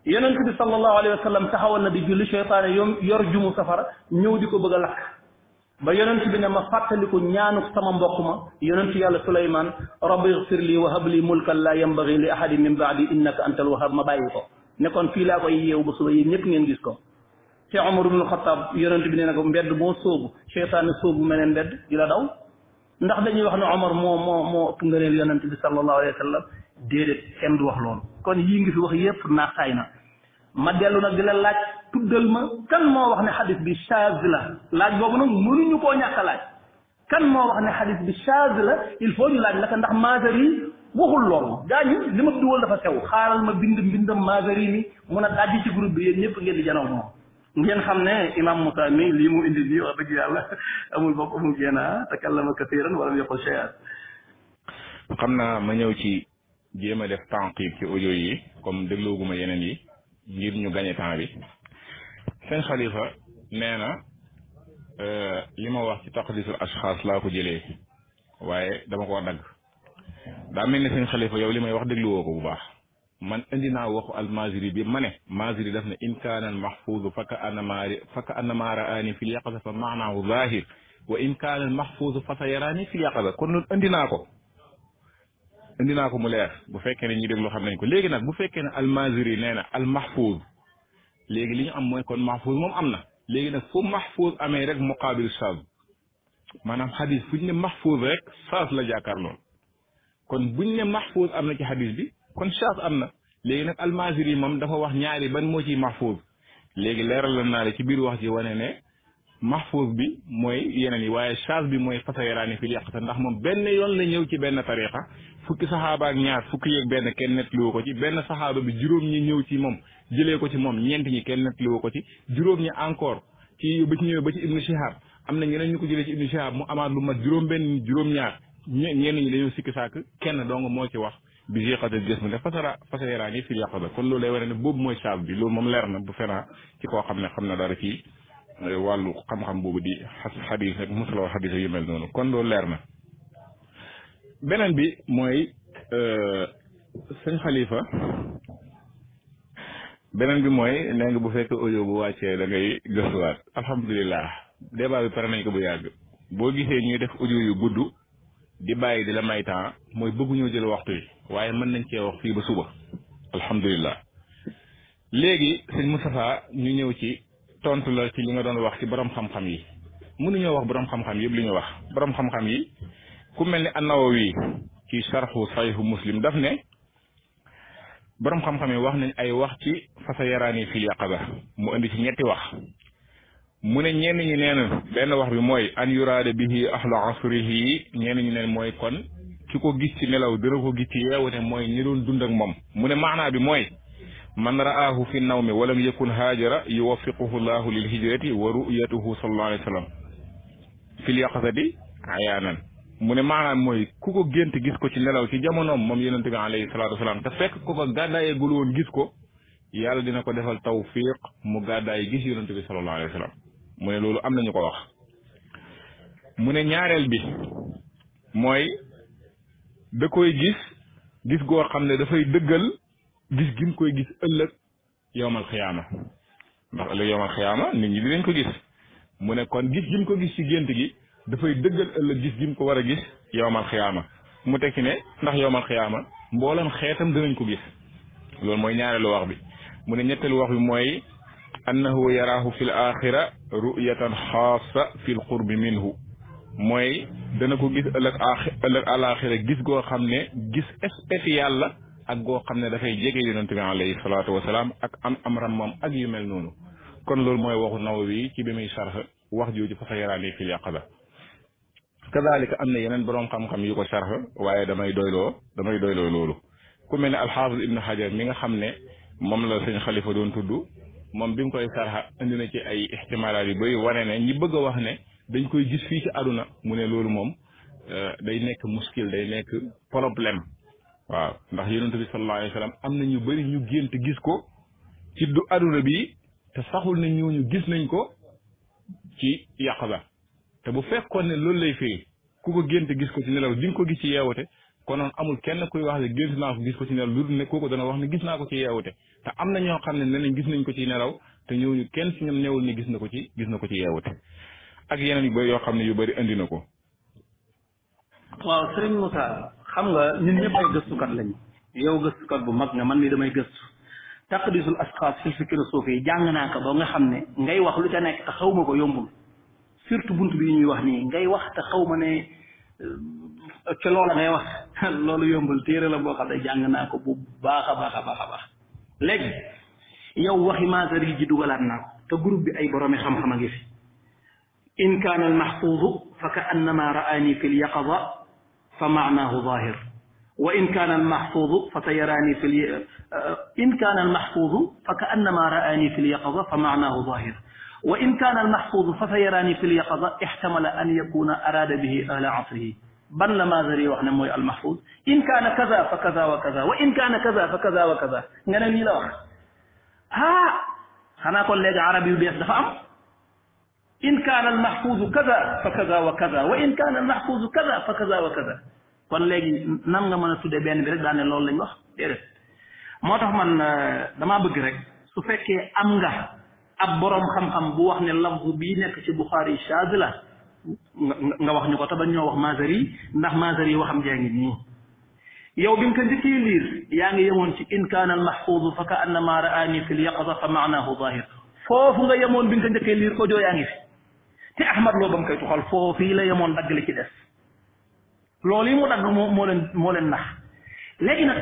S2: yonent bi sallallahu alayhi wa sallam taxawal na di julli seytaane yom yor jumu safara ñëw di ko bëgg a lakk ba yonent bi ne ma fàttaliku ñaanu sama mbokk ma yonent yàlla suleyman rabbi igfir li wa hab li mulkan la yambagi li ahadin min baadi innaka anta alwahab ma bàyyi ko ne kon fii laa koy yeewu ba suba yii ñëpp ngeen gis ko te Omar ibn Xattaab yonent bi nee na ko mbedd boo sóobu seytaane sóobu meneen mbedd di la daw ndax dañuy wax ne Omar moo moo moo ëpp ngëneel yonent bi sallallahu alayhi wa déedéet kenn du wax loolu kon yii ngi fi wax yépp naaxaay na ma dellu nag di la laaj tuddal ma kan moo wax ne xadis bi chaz la laaj boobu nag mënuñu koo ñàkk a laaj kan moo wax ne xadis bi chaz la il faut ñu laaj la ko ndax maazari waxul loolu daañu li ma duwal dafa sew xaaral ma bind mbindam maagari mi mun a dajji ci groupe bi yéen ñëpp ngeen di janaw moom ngeen xam ne imam Moussa lii mu indi nii wax dëgg yàlla amul bopp amul génn ah, takallama kathiran walam yaqul shay'an
S3: xam naa ma ñëw ci jéem a def tanqib ci audio yi comme déglooguma yeneen yi ngir ñu gañe temps bi seen xalifa nee na euh, li ma wax ci taqdisul ashxaas laa ko jëlee waaye dama koo dagg da melni ne seen xalifa yow limay wax deglu woko bu baax man indi na waxu al maziri bi mané maziri daf na in kana kaana almaxfuudu faka anamaari faka anamaara aani fi yaqza fa maanaahu zahir wa in kana al mahfuz fa sa yaraani fi lyaqasa kon loolu indi naa ko indi naa ko mu leer bu fekke ni ñi déglu xam nañ ko legi nak bu fekke ni al maziri neena al mahfuz legi li ñu am moy kon mahfuz mom amna legi nak fu mahfuz amé rek muqabil saaz manam hadith fu ñu ne rek saaz la jakarlo kon buñ ne mahfuz am na ci hadis bi kon chaz am na léegi nag almaziri yi moom dafa wax ñaari ban moo ciy mahfuz léegi leeral la naa le ci biir wax ji wane ne mahfuz bi mooy yeneen yi waaye chaz bi mooy fasayaraani fil yàqata ndax moom benn yoon la ñëw ci benn tariqa fukki saxaaba ak ñaar fukki yeeg benn kenn nettaliwu ko ci benn saxaaba bi juróom ñi ñëw ci moom jëlee ko ci moom ñeent ñi kenn nettaliwu ko ci juróom ñi encore ci ba ci ñëwee ba ci am na ñeneen ñu ko jëlee ci ibnu mu amaat lu mat juróom benn juróom ñaar ñe ñenn ñi dañoo sikki sàkk kenn dong moo ci wax bi jeexate gis mu ne fasara fasayara ni fil yàqu da kon loolu lay wane ne boobu mooy saab bi loolu moom leer na bu fenaa ci koo xam ne xam na dara ci euh, wàllu xam boobu di xadis ak musaloo xadis yu mel noonu kon loolu leer na beneen bi mooy euh, sëñ xalifa beneen bi mooy nee nga bu fekk audio bu wàccee da ngay gëstuwaat alhamdulilah débat bi pare nañ ko bu yàgg boo gisee ñuy def audio yu gudd di bàyyi di la may temps mooy bëgguñoo jël waxtu yi waaye mën nañ cee wax fii ba suba alhamdulilah léegi sëñ Moustapha ñu ñëw ci tontu la ci li nga doon wax ci borom xam-xam yi mënuñoo wax borom xam-xam yëpp li ñu wax boroom xam-xam yi ku mel ni An-Nawawi ci sarxu sahihu muslim daf ne borom xam-xam yi wax nañ ay wax ci fasa yaraani fil yaqaba mu indi ci ñetti wax mu ne ñenn ñi nee na benn wax bi mooy an yuraade bihi ahla asrihi ñenn ñi mooy kon ki ko gis ci nelaw dina ko gis ci yeewu ne mooy ñi doon dund moom mu ne maanaa bi mooy man ra'aahu fi nawmi walam yakun haajara yuwaffiquhu llahu lil hijrati wa ru'yatuhu sallallahu alayhi wa sallam fil yaqsadi ayaanan mu ne maanaam mooy ku ko gént gis ko ci nelaw ci jamono moom yonente bi alayhi salaatu wasalaam te fekk ku ko gàddaayegul woon gis ko yàlla dina ko defal tawfiq mu gàddaay gis yonente bi sallallahu alayhi mu ne loolu am nañu ko wax mu ne ñaareel bi mooy da koy gis gis goo xam ne dafay dëggal gis gim koy gis ëllëg yowmal xiyaama ndax ëllëg yowmal xiyaama nit ñi dinañ ko gis mu ne kon gis gim ko gis ci gént gi dafay dëggal ëllëg gis gim ko war a gis yowmal xiyaama mu tekki ne ndax yowmal xiyaama mboolam xeetam dinañ ko gis loolu mooy ñaareelu wax bi mu ne ñetteelu wax bi mooy أنه يراه في الآخرة رؤية خاصة في القرب منه موي دانكو غيس ألك آخر ألك على آخرة غيس غو خامني غيس اسبيسيال لا أك غو خامني دا فاي جيغي يونتي عليه الصلاة والسلام أك أم أمر مام أك يمل نونو كون لول موي واخو نووي كي بيمي شرح واخ جوجي فخا يراني في اليقظة كذلك أن ينن بروم خام خام يوكو شرح واي داماي دويلو داماي دويلو لولو كومين الحافظ ابن حجر ميغا خامني مام لا سيغ خليفة دون تودو moom bi mu koy sarxa indi na ci ay ixtimaalaat yu bëri waree ne ñi bëgg a wax ne dañ koy gis fii ci aduna mu ne loolu moom euh, day nekk muskil day nekk problème waaw ndax yonent bi sallallahu alayhi wa am na ñu bëri ñu gént gis ko ci du bi saxul na ñooñu gis nañ ko ci yàq la te bu fekkoon ne loolu lay fii ku ko gént gis ko ci nelaw di ko gis ci yeewute konoon amul kenn kuy wax ne gént naa ko gis ko ci nelaw lu dul ne dana wax ne gis naa ko ci yeewute te am na ñoo xam ne ne nañ gis nañ ko ci nelaw te ñooñu kenn si ñoom newul ni gis na ko ci gis na ko ci yeewute ak yeneen yu bëri yoo xam ne yu bari indi na ko.
S2: waaw Serigne xam nga ñun ñëpp ay gëstukat lañu. yow gëstukat bu mag nga man mii damay gëstu. taqdisul asxaas fil fikr suufi jàng naa ko ba xam ne ngay wax lu ca xaw ma ko yombul bunt bi ñuy wax nii ngay wax te xaw ma ne euh, ca loola ngay wax loolu yombul téere la boo xam ne jàng naa ko bu baax a baax a baax a baax. léegi yow waxi maasar yi ji dugalaat naa ko te groupe bi ay boromi xam-xam a ngi fi in kaana almaxfuudu fa ka annama raani fi lyaqada fa maanaahu zahir wa in kaana almaxfuudu fa sayaraani fi in kaana almaxfuudu fa ka annama raani fi lyaqada fa maanaahu zahir وإن كان المحفوظ فسيراني في اليقظة احتمل أن يكون أراد به أهل عصره بن لما وحنا موي المحفوظ إن كان كذا فكذا وكذا وإن كان كذا فكذا وكذا نحن نيلا ها أنا أقول لك عربي وبيس دفعم إن كان المحفوظ كذا فكذا وكذا وإن كان المحفوظ كذا فكذا وكذا kon legi nan nga mëna tuddé ben bi rek dañ lool lañ wax dédé motax man آه، dama bëgg rek su fekké am nga ab borom xam xam bu wax né lafu bi nekk ci bukhari shadla nga wax ñu ko te bañ ñoo wax mazari ndax mazari waxam jaa ngi nii yow bi nga ko njëkkee liir yaa ngi yemoon ci in kaana almahfuudu fa ka annama raani fi lyaqza fa maanaahu zahir foofu nga yemoon bi nga ko njëkkee liir audio yaa ngi fi te ahmad loo ba mu koy tuxal foofii la yemoon dagg li ci des loolu yi mu dagg moo moo leen moo leen nax léegi nag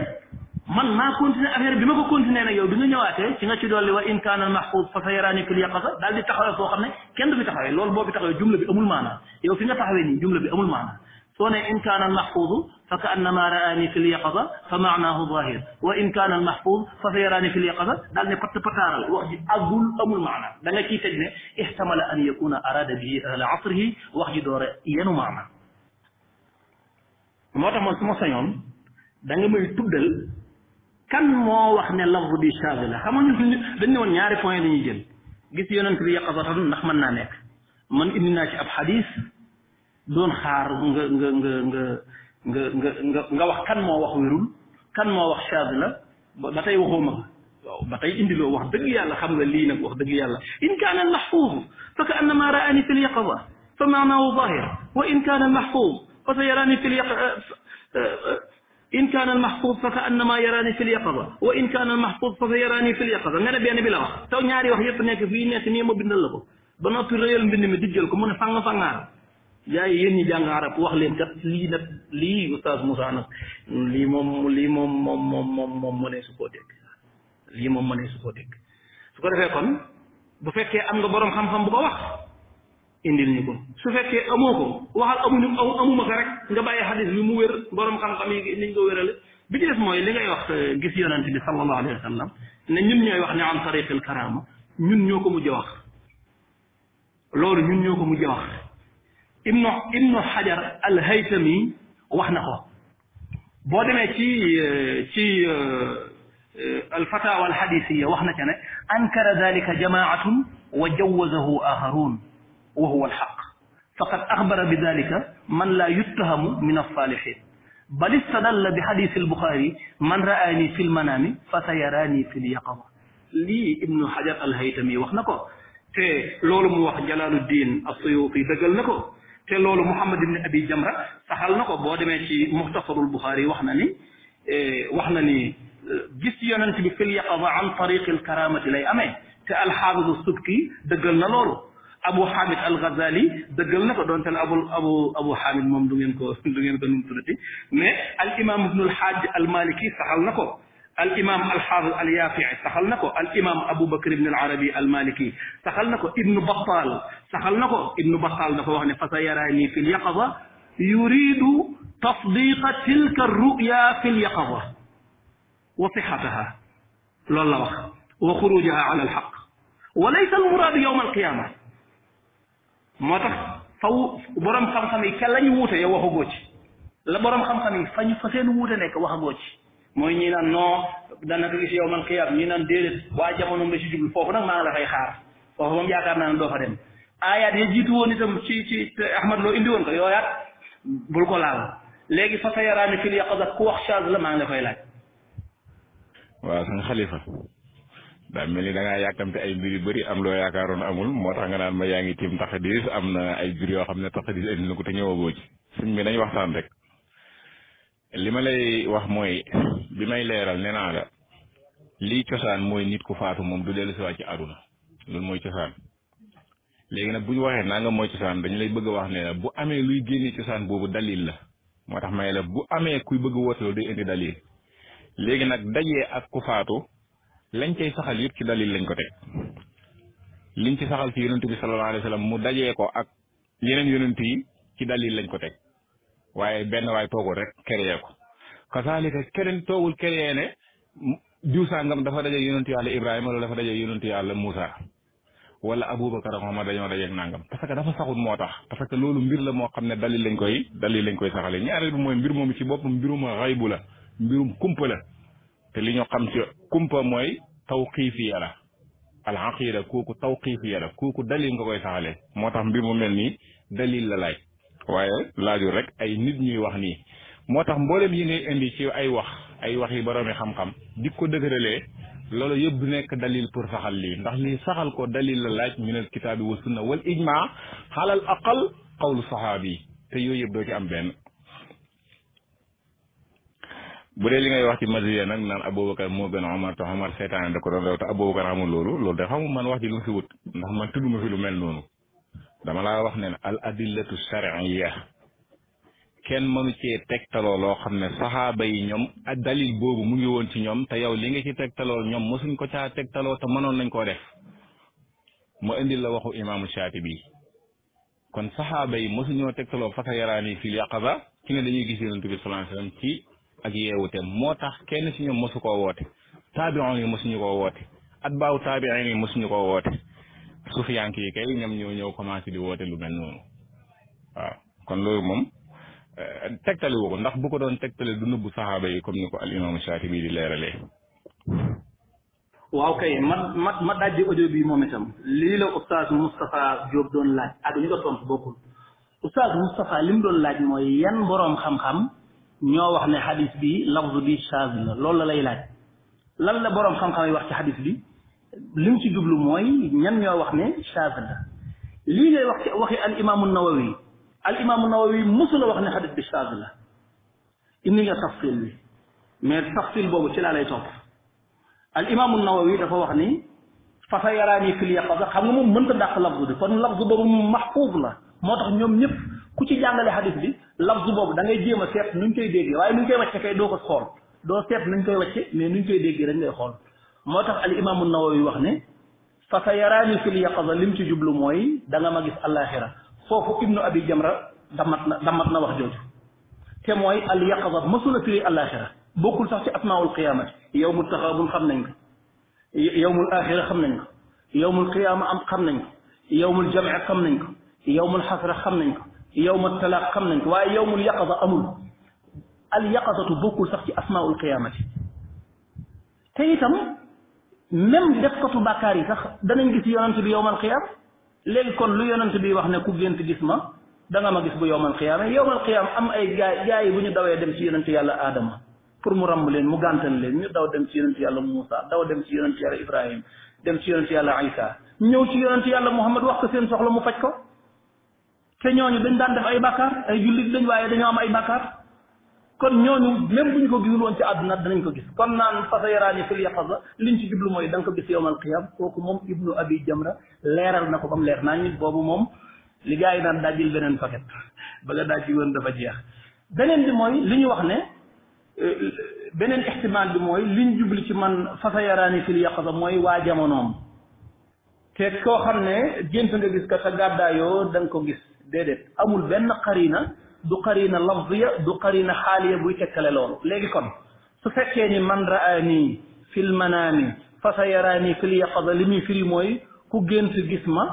S2: man ma continué affaire bi ma ko continué nag yow bi ñëwaaté ci nga ci dolli wa in kana al mahfuz fa sayaraani fil yaqaza dal di taxawé fo xamné kenn du fi taxawé lool bo fi taxawé jumla bi amul maana yow fi nga taxawé ni jumla bi amul maana so ne in kana al mahfuz fa kaannama raani fil yaqaza fa ma'naahu zahir wa in kana al mahfuz fa sayaraani fil yaqaza dal ne pat pataral wax ji agul amul maana da nga ci tejne ihtamala an yakuna arada bi ala asrihi wax ji doore yenu maana motax mo man sañon da nga may tuddal kan moo wax ne lafz bi charge la xam nga ñun dañ ne woon ñaari point la ñuy jël gis yonent bi yaqasatan ndax mën naa nekk man indi naa ci ab xadis doon xaar nga nga nga nga nga nga nga nga wax kan moo wax wérul kan moo wax charge la ba tey waxoo ma waaw ba tey indiloo wax dëgg yàlla xam nga lii nag wax dëgg yàlla in kaana almaxfuud fa ka annama raani fi lyaqada fa maanaahu zahir wa in kaana almaxfuud fa sayaraani fi lyaqada in kaana almahfud fa ka annama yaraani fi lyaqada wa in kaana almahfud fa fa yaraani fi lyaqada nga ne benn bi la wax taw ñaari wax yëpp nekk fii nekk nii ma bindal la ko ba noppi rëyal mbind mi dijjal ko mu ne fanga fangaar yaay yéen ñi jàng arab wax leen kat lii nag lii oustaz Moussa nag lii moom lii moom moom moom moom moom mu ne su koo dégg lii moom mu ne su koo dégg su ko defee kon bu fekkee am nga borom xam-xam bu ko wax indil ñu ko su fekkee amoo ko waxal amuñu amuma ko rek nga bàyyi xadis bi mu wér borom xam-xam yi niñ ko wérale bi ci des mooy li ngay wax gis yonent bi sallallahu alayhi wa sallam ne ñun ñooy wax ne an tariqil karama ñun ñoo ko mujj wax loolu ñun ñoo ko mujj wax ibnu ibnu xajar al haytami wax na ko boo demee ci ci al fatawa al hadisiya wax na ca ne ankara dalika jamaatun wa jawazahu axarun وهو الحق فقد أخبر بذلك من لا يتهم من الصالحين بل استدل بحديث البخاري من رأني في المنام فسيراني في اليقظة لي ابن حجر الهيتمي وخنكو تي لول موخ جلال الدين السيوطي دقل نكو تي لول محمد بن أبي جمرة سحل نكو بودي ميشي مختصر البخاري وخنني وخنني جس يننتي في اليقظة عن طريق الكرامة لي أمي تي الحافظ السبكي دقل لولو abu hamid al ghazali deugal nako don tan abu abu abu hamid mom du ngeen ko du ngeen ko num tudati mais al imam ibn al hajj al maliki saxal nako al imam al hafiz al yafi saxal nako al imam abu bakr ibn al arabi al maliki saxal nako ibn battal saxal nako ibn battal dafa wax ne fa sayarani fil yaqza yuridu تصديق تلك الرؤيا في اليقظة وصحتها لولا وخروجها على الحق وليس المراد يوم القيامة moo tax faw boroom xam-xam yi ka lañ wuute yow waxagoo ci la boroom xam-xam yi fa ñu fa seen wuute nekk waxagoo ci mooy ñi naan non danaka gis yow man xiyaam ñi naan déedéet waa jamonoom la ci jublu foofu nag maa ngi la fay xaar foofu moom yaakaar naa ne doo fa dem aayaat ya jiitu woon itam ci ci Ahmad loo indiwoon woon ko yooyaat bul ko laal léegi fa sa yaraani fil yaqazat ku wax charge la maa nga la koy laaj.
S3: waaw sëñ Xalifa daa mel ni da ngaa yàkkamte ay mbir yu bëri am loo yaakaaroon amul moo tax nga naan ma yaa ngi tiim taxadis am na ay mbir yoo xam ne taxadis indi na ko te ñëwagoo ci suñ bi nañ waxtaan rek li ma lay wax mooy bi may leeral nee naa la lii cosaan mooy nit ku faatu moom du dellu si ci àdduna loolu mooy cosaan léegi nag bu ñu waxee naa nga mooy cosaan dañu lay bëgg a wax ne la bu amee luy génnee cosaan boobu dalil la moo tax may la bu amee kuy bëgg woote loolu indi dalil léegi nag dajee ak ku lañ cay saxal yëpp ci dalil lañ ko teg liñ ci saxal ci yonent bi sallallahu alayhi wa mu dajee ko ak yeneen yonent yi ci dalil lañ ko teg waaye benn waay toogul rek créé ko kasaalika keneen toogul créé ne diw dafa daje yonent yàlla Ibrahima wala dafa daje yonent yàlla Moussa wala Aboubacar ak Omar dañoo dajeeg nangam parce que dafa saxut moo tax parce que loolu mbir la moo xam ne dalil lañ koy dalil lañ koy saxale ñaareel bi mooy mbir moom ci boppam mbirum xaybu la mbirum kumpa la te li ñu xam ci kumpa mooy tawqiifiya la al aqida kooku tawqiifiya la kooku dalil nga koy saxalee moo tax mbir mu mel nii dalil la laaj waaye laaju rek ay nit ñuy wax nii moo tax mboolem yi ngay indi ci ay wax ay wax yi boroomi xam-xam di ko dëgëralee loolu yëpp du nekk dalil pour saxal lii ndax lii saxal ko dalil la laaj min al kitaabi wa sunna wal ijma xalal aqal qawlu saxaabi te yooyu yëpp doo ci am benn bu dee li ngay wax ci maziyya nag naan Aboubacar moo gën a Omar te Omar seytaane da ko doon rew te Aboubacar amul loolu loolu de xamul man wax ji lu mu fi wut ndax man tudduma fi lu mel noonu dama laa wax ne al adillatu shar'iyya kenn mënu cee tegtaloo loo xam ne saxaaba yi ñoom a dalil boobu mu ngi woon ci ñoom te yow li nga ci tegtaloo ñoom mosuñ ko caa tegtaloo te mënoon nañ koo def mu indil la waxu imaamu Shaatibi kon saxaaba yi mosuñoo tegtaloo fata yaraan yi fil yaqaba ci ne dañuy gis yonent bi ak yeewuteem moo tax kenn si ñoom mosu koo woote taabion yi mosuñu koo woote at baaw taabiin yi mosuñu koo woote sufiyank yi kay ñoom ñoo ñëw commencé di woote lu mel noonu waaw kon loolu moom eh, tegtali wu ko ndax bu ko doon tegtale du nëbbu saxaaba yi comme ni ko al imaamu di leeralee
S2: waaw kay ma ma ma dajji audio bi moom itam lii la oustaz Moustapha Diop doon laaj ak ñu ko tontu bokkul oustaz Moustapha li mu doon laaj mooy yan boroom xam ñoo wax ne xadis bi lafz bi chaz la loolu la lay laaj lan la borom xam-xam yi wax ci xadis bi li mu ci jublu mooy ñan ñoo wax ne chaz la lii ngay wax waxi al imaamu nawawi al imaamu nawawi mosula wax ne xadis bi chaz la indi nga tafsil bi mais tafsil boobu ci laa lay topp al imaamu nawawi dafa wax ni fa sa fil yaqaza xam nga moom mënta dàq lafz kon lafz boobu moom la moo tax ñoom ku ci jàngale hadith bi lafz boobu da ngay jéem a seet nuñ koy déggee waaye nuñ koy wàcce kay doo ko xool doo seet ñu koy wàcce mais ñu koy déggee rek ngay xool moo tax al imaamu nawawi wax ne fa sa yaraani fil yaqaza lim ci jublu mooy da nga ma gis alaxira foofu ibnu abi jamra damat na damat na wax jooju te mooy al yaqaza mësula firi alaxira bokkul sax ci asmaul qiyamati yowmul taxaabun xam nañ ko yowmul axira xam nañ ko yowmul qiyaama am xam nañ ko yowmul jamce xam nañ ko yowmul xasra xam nañ ko يوم التلاق كم نك يوم اليقظة أمر اليقظة بوكو سخت أسماء القيامة تيتم مم دقة بكاري سخ دنن جس يوم تبي يوم القيامة ليل كن لو يوم تبي وحنا كوجين تجسما دنا ما جس يوم القيامة يوم القيامة أم أي جا جاي بني دوا يدم سيرن في آدم pour mu ramb leen mu gàntal leen ñu daw dem ci yonent yàlla Moussa daw dem ci yonent yàlla Ibrahim dem ci yonent yàlla Aïssa ñëw ci yonent yàlla Mouhamad wax ko seen soxla mu faj ko te ñooñu dañ daan def ay bàkkaar ay jullit lañ waaye dañoo am ay bàkkaar kon ñooñu même bu ñu ko gisul woon ci àdduna danañ ko gis kon naan fasa yaraani fil yaqaza liñ ci jublu mooy da nga ko gis yowmal qiyam kooku moom ibnu abi jamra leeral na ko ba mu naa ñit boobu moom li yi naan dajjil beneen paquet ba nga dajji woon dafa jeex beneen bi mooy li ñu wax ne euh, beneen ixtimaal bi mooy liñ jublu ci man fasa yaraani fil yaqaza mooy waa jamonoom te koo xam ne gént nga gis ko sa gàddaayoo da nga ko gis déedéet amul benn qarina du qarina lafziya du qarina xaaliya buy tekkale loolu léegi kon su fekkee ni man raani fil manaami fa sa yaraani fil yaqada li muy firi mooy ku gént gis ma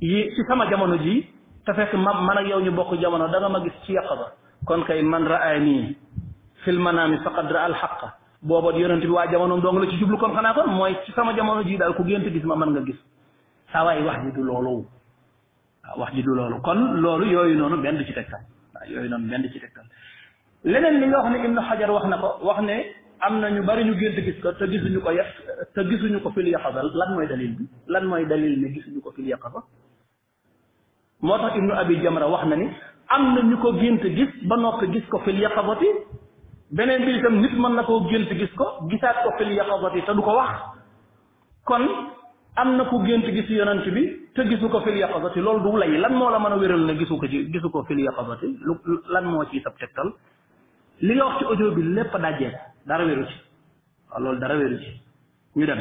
S2: ci sama jamono ji te fekk man ak yow ñu bokk jamono da nga ma gis ci yaqada kon kay man raani fil manaami faqad raa al xaqa booba yonent bi waa jamono dong la ci jublu kon xanaa kon mooy ci sama jamono ji daal ku gént gis ma man nga gis saa waay wax ji du loolu wax ji du loolu kon loolu yooyu noonu benn du ci tegtal waaw yooyu noonu benn du ci tegtal leneen li nga wax ne Ibnu Xajar wax na ko wax ne am na ñu bari ñu gént gis ko te gisuñu ko yef te gisuñu ko fil yaqaza lan mooy dalil lan mooy dalil ne gisuñu ko fil moo tax Ibnu Abi Jamra wax na ni am na ñu ko gént gis ba noppi gis ko fil yaqazati beneen bi itam nit mën na koo gént gis ko gisaat ko fil yaqazati te du ko wax kon am na ku gént gis yonent bi te gisu ko fil yaqazati lool du lay lan moo la mën a wéral ne gisu ko ci gisu ko fil yaqazati lu lan moo ci sab tegtal li nga wax ci audio bi lépp dajee dara wéru ci waaw loolu dara wéru ci ñu dem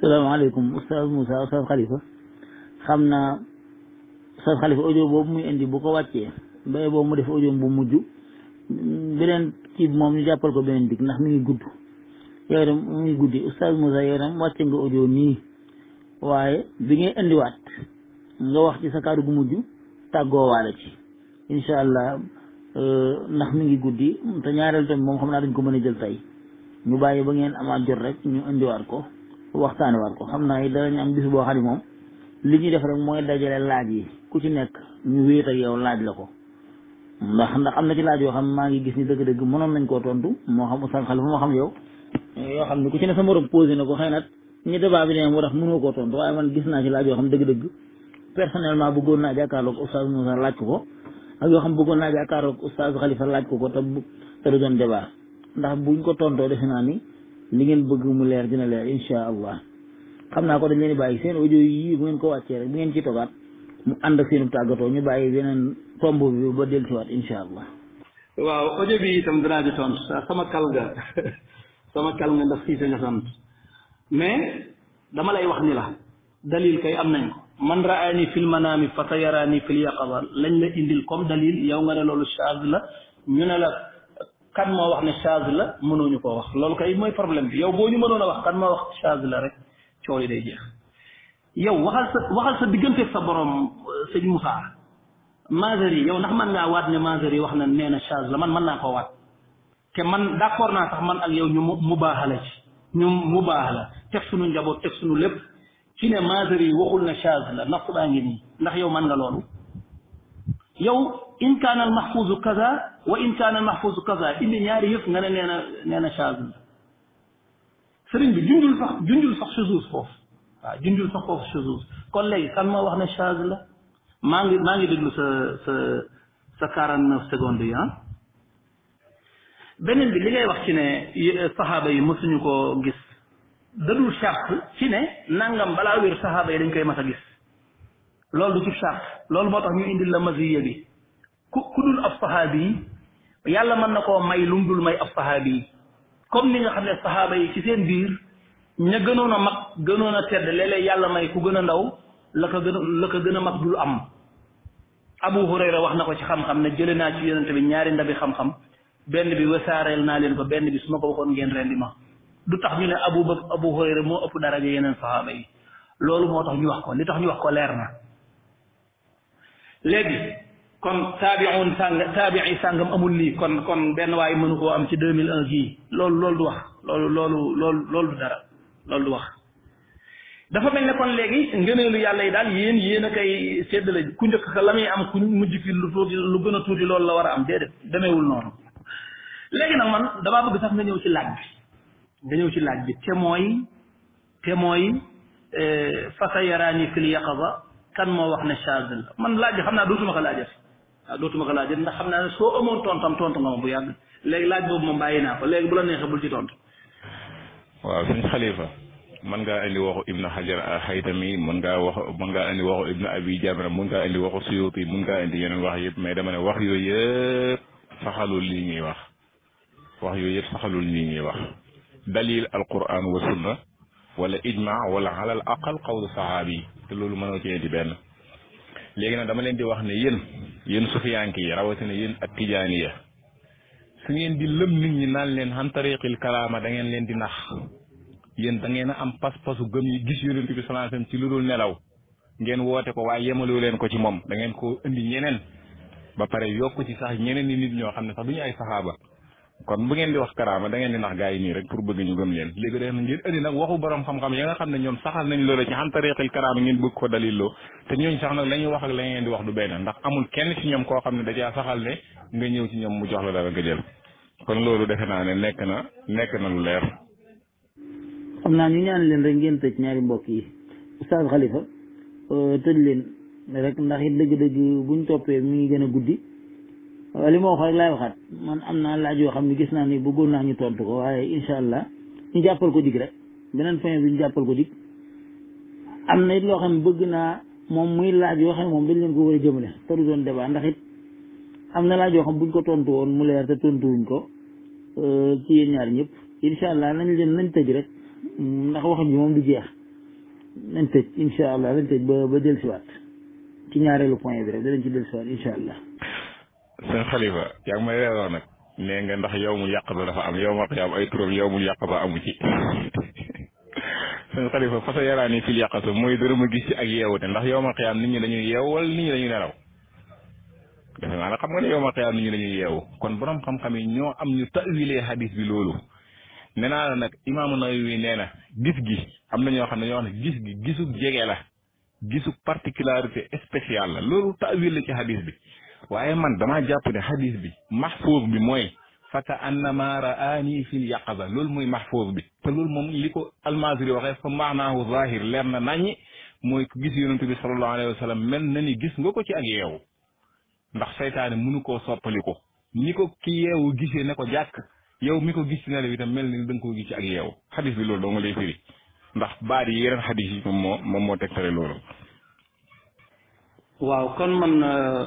S1: salaamaaleykum oustaz Moussa oustaz Khalifa xam na oustaz Khalifa audio boobu muy indi bu ko wàccee baye boobu mu def audio bu mujj beneen kii moom ñu jàppal ko beneen dig ndax mi ngi gudd yow dem mu ngi guddi oustaz Moussa yow dem wàcce nga audio nii waaye bi ngay indiwaat nga wax ci sa kàddu gu mujj tàggoowaale ci incha allah euh, ndax mi ngi guddi te ñaareel tamit moom xam naa dañ ko mën a jël tey ñu bàyyi ba ngeen amaat jot rek ñu indiwaat ko waat ko xam naa it danañ am bis boo xam moom li ñuy def rek mooy dajale laaj yi ku ci nekk ñu wéet ak yow laaj la ko. ndax ndax am na ci laaj yoo xam maa ngi gis ni dëgg-dëgg mënoon nañ koo tontu moo xam Oustaz xam yow. yoo xam ne ku ci ne sa morom posé na ko xëy na ñi débat bi ne moo tax mënoo koo tontu waaye man gis naa ci laaj yoo xam dëgg-dëgg personnellement bëggoon naa jàkkaarloog oustaz Moussa laaj ko ko ak yoo xam bëggoon naa jàkkaarloog oustaz Khalifa laaj ko ko te te du doon débat ndax buñ ko tontoo defe naa ni li ngeen bëgg mu leer dina leer incha allah xam naa ko dañ leen di bàyyi seen audio yii bu ngeen ko wàccee rek bu ngeen ci togaat mu ànd ak seenu ñu bàyyi beneen tomb bi ba dellusiwaat incha allah.
S2: waaw audio bi itam dinaa di tontu sama kàl sama kal nga ndax siise nga sant mais dama lay wax ni la dalil kay am nañ ko man raani fil manami fatayarani fil yaqaba lañ la indil comme dalil yow nga ne loolu charge la ñu ne la kan moo wax ne charge la mënuñu koo wax loolu kay mooy problème bi yow boo ñu mënoon a wax kan moo wax charge la rek coow li day jeex yow waxal sa waxal sa digganteeg sa borom sëñ Moussa Mazari yow ndax mën ngaa waat ne Mazari wax na nee na charge la man mën naa koo waat te man d'accord naa sax man ak yow ñu mu baaxala ci ñu mu baaxala teg sunu njaboot teg sunu lépp ci ne maazari yi waxul na chaz la naft baa ngi nii ndax yow man nga loolu yow in kaana al mahfuzu kaza wa in kaana al mahfuzu kaza indi ñaari yëf nga ne nee na nee na chaz la sëriñ bi junjul sax junjul sax chuzuz foofu waaw junjul sax foofu chuzuz kon léegi kan ma wax ne chaz la maa ngi maa ngi déglu sa sa sa quarante neuf secondes yi ah beneen bi li ngay wax ci ne euh, saxaaba yi mësuñu koo gis dadul charte ci ne nangam balaa wér saxaaba yi dañ koy mas a gis loolu du ci charte loolu moo tax ñu indil la maziya bi ku ku dul ab saxaabi yi yàlla man na koo may lu mu dul may ab saxaabi yi comme ni nga xam ne saxaaba yi ci seen biir ña gënoon a mag gënoon a tedd léeg-léeg yàlla may ku gën a ndaw la ko gën a la a mag dul am abu hurayra wax na ko ci xam-xam ne jële naa ci yonente bi ñaari ndabi xam-xam benn bi wasaareel naa leen ko benn bi su ma ko waxoon ngeen rendi du tax ñu ne abu bakr abu hurayra moo ëpp daraja yeneen saxaaba yi loolu moo tax ñu wax ko li tax ñu wax ko leer na léegi kon taabiun sàng taabii sàngam amul lii kon kon benn waay mënu koo am ci 2001 gii loolu loolu du wax loolu loolu loolu loolu dara loolu du wax dafa mel ne kon léegi ngëneelu yàlla yi daal yéen yéen a koy séddale ku njëkk ka la muy am ku mujj ki lu tuuti lu gën a tuuti loolu la war a am déedéet demeewul noonu léegi nag man dama bëgg sax nga ñëw ci laaj bi nga ñëw ci laaj bi te mooy te mooy sa yaraani fil yaqaba kan moo wax ne charge la man laaj bi xam naa dootuma ko laajal waaw dootuma ko laajal ndax xam naa ne soo amoon tontam tontu nga ma bu yàgg léegi laaj boobu moom bàyyi naa ko léegi bu la neexee bul ci tontu.
S3: waaw suñ xalifa mën ngaa indi waxu ibnu hajar a xaytami mën ngaa wax mën ngaa indi waxu ibnu abi jamra mën ngaa indi waxu suyuti mën ngaa indi yeneen wax yëpp mais dama ne wax yooyu yëpp saxalul li ñuy wax wax yooyu yëpp saxalul nii ñuy wax dalil alquran wa sunna wala ijma wala alal aqal qawlu sahaabi te loolu mënoo cee di benn léegi nag dama leen di wax ne yéen yéen sufiyank yi rawatina yéen ak tijaaniya su ngeen di lëm nit ñi naan leen han tariqil kalaama da ngeen leen di nax yéen da ngeen a am pas-pasu gëm yi gis yonent bi sallallahu alayhi ci lu dul nelaw ngeen woote ko waaye yemaloo leen ko ci moom da ngeen ko indi ñeneen ba pare yokk ci sax ñeneen ni ñoo xam ne sax du kon bu ngeen di wax karaama da ngeen di nax gaa yi nii rek pour bëgg ñu gëm leen léegi dee na ngeen indi nag waxu borom xam-xam ya nga xam ne ñoom saxal nañ loola ci xam tariqil karaama ngeen bëgg ko daliloo te ñooñ sax nag la ñuy wax ak la ngeen di wax du benn ndax amul kenn ci ñoom koo xam ne dajaa caa saxal ne nga ñëw ci ñoom mu jox la dara nga jël kon loolu defe naa ne nekk na nekk na lu leer.
S1: xam naa ñu ñaan leen rek ngeen tëj ñaari mbokk yi Oustaz Khalifa euh, tëj leen rek ndax it dëgg-dëgg buñ toppee mi ngi gën a guddi li ma wax rek laay waxaat man am naa laaj yoo xam ne gis naa ni bëggoon naa ñu tontu ko waaye incha allah ñu jàppal ko dig rek beneen point bi ñu jàppal ko dig am na it loo xam ne bëgg naa moom muy laaj yoo xam ne moom dañ leen ko war a jëmale te du doon débat ndax it am na laaj yoo xam buñ ko tontu woon mu leer te tontuwuñ ko euh, ci yéen ñaar ñëpp incha allah nañ leen nañ tëj rek ndax waxam ji moom du jeex nañ tëj incha allah nañ tëj ba ba dellusiwaat ci ñaareelu point bi rek danañ ci dellusiwaat incha
S2: seen
S3: xalifa yaa ma may reeroo nag nee nga ndax yow mu yàq ba dafa am yow ma xiyaam ay turam yow mu yàq ba amu ci seen xalifa fasa yaraani fil yàqasu mooy dërëm a gis ci ak yeewute ndax yow ma xiyaam nit ñi dañuy yeew wala nit ñi dañuy nelaw defe naa nag xam nga yow yeewu kon borom xam-xam yi ñoo am ñu tawilee hadis bi loolu nee la nag imaamu Nawawi nee na gis gi am na ñoo xam ne ñoo wax ne gis gi gisu jege la gisu particularité spéciale la loolu tawil la ci hadis bi waaye man damaa jàpp ne xadis bi maxfuuz bi mooy faka ma raani fil yaqaza loolu mooy maxfuuz bi te loolu moom li ko almasri waxee fa maanaahu zahir leer na naññi mooy ku gis yonent bi sallallahu alayhi wa mel na ni gis nga ko ci ak yeewu ndax seytaane mënu koo soppaliku ni ko ki yeewu gisee ne ko jàkk yow mi ko gis ci nelaw itam mel na da nga gis ci ak yeewu xadis bi loolu doo nga lay firi ndax baat yi yeneen xadis yi moom moo moom moo tegtale loolu
S2: waaw kon man euh,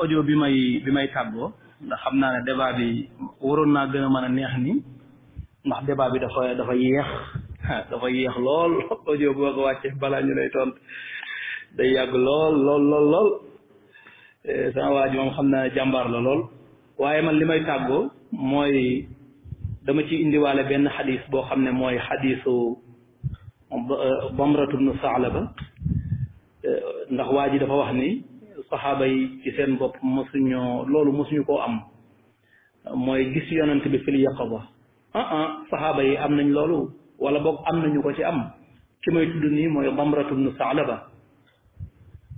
S2: audio bi may bi may tàggoo ndax xam naa ne débat bi waroon naa gën a a neex ni ndax débat bi dafa dafa yéex dafa yéex lool ojo boo ko wàccee balaa ñu lay tont day yàgg lool lool lool lool euh, sama waa moom xam naa jàmbaar la lool waaye man li may tàggoo mooy dama ci indiwaale benn xadis boo xam ne mooy xadisu Bamratu saaxla Saalaba ndax waa dafa wax ni sahaba yi ci seen bopp mosuñoo loolu mosuñu koo am mooy gis yonent bi fil yaqaba ah ah sahaba yi am nañ loolu wala boog am nañu ko ci am ci may tudd nii mooy bamratu bnu salaba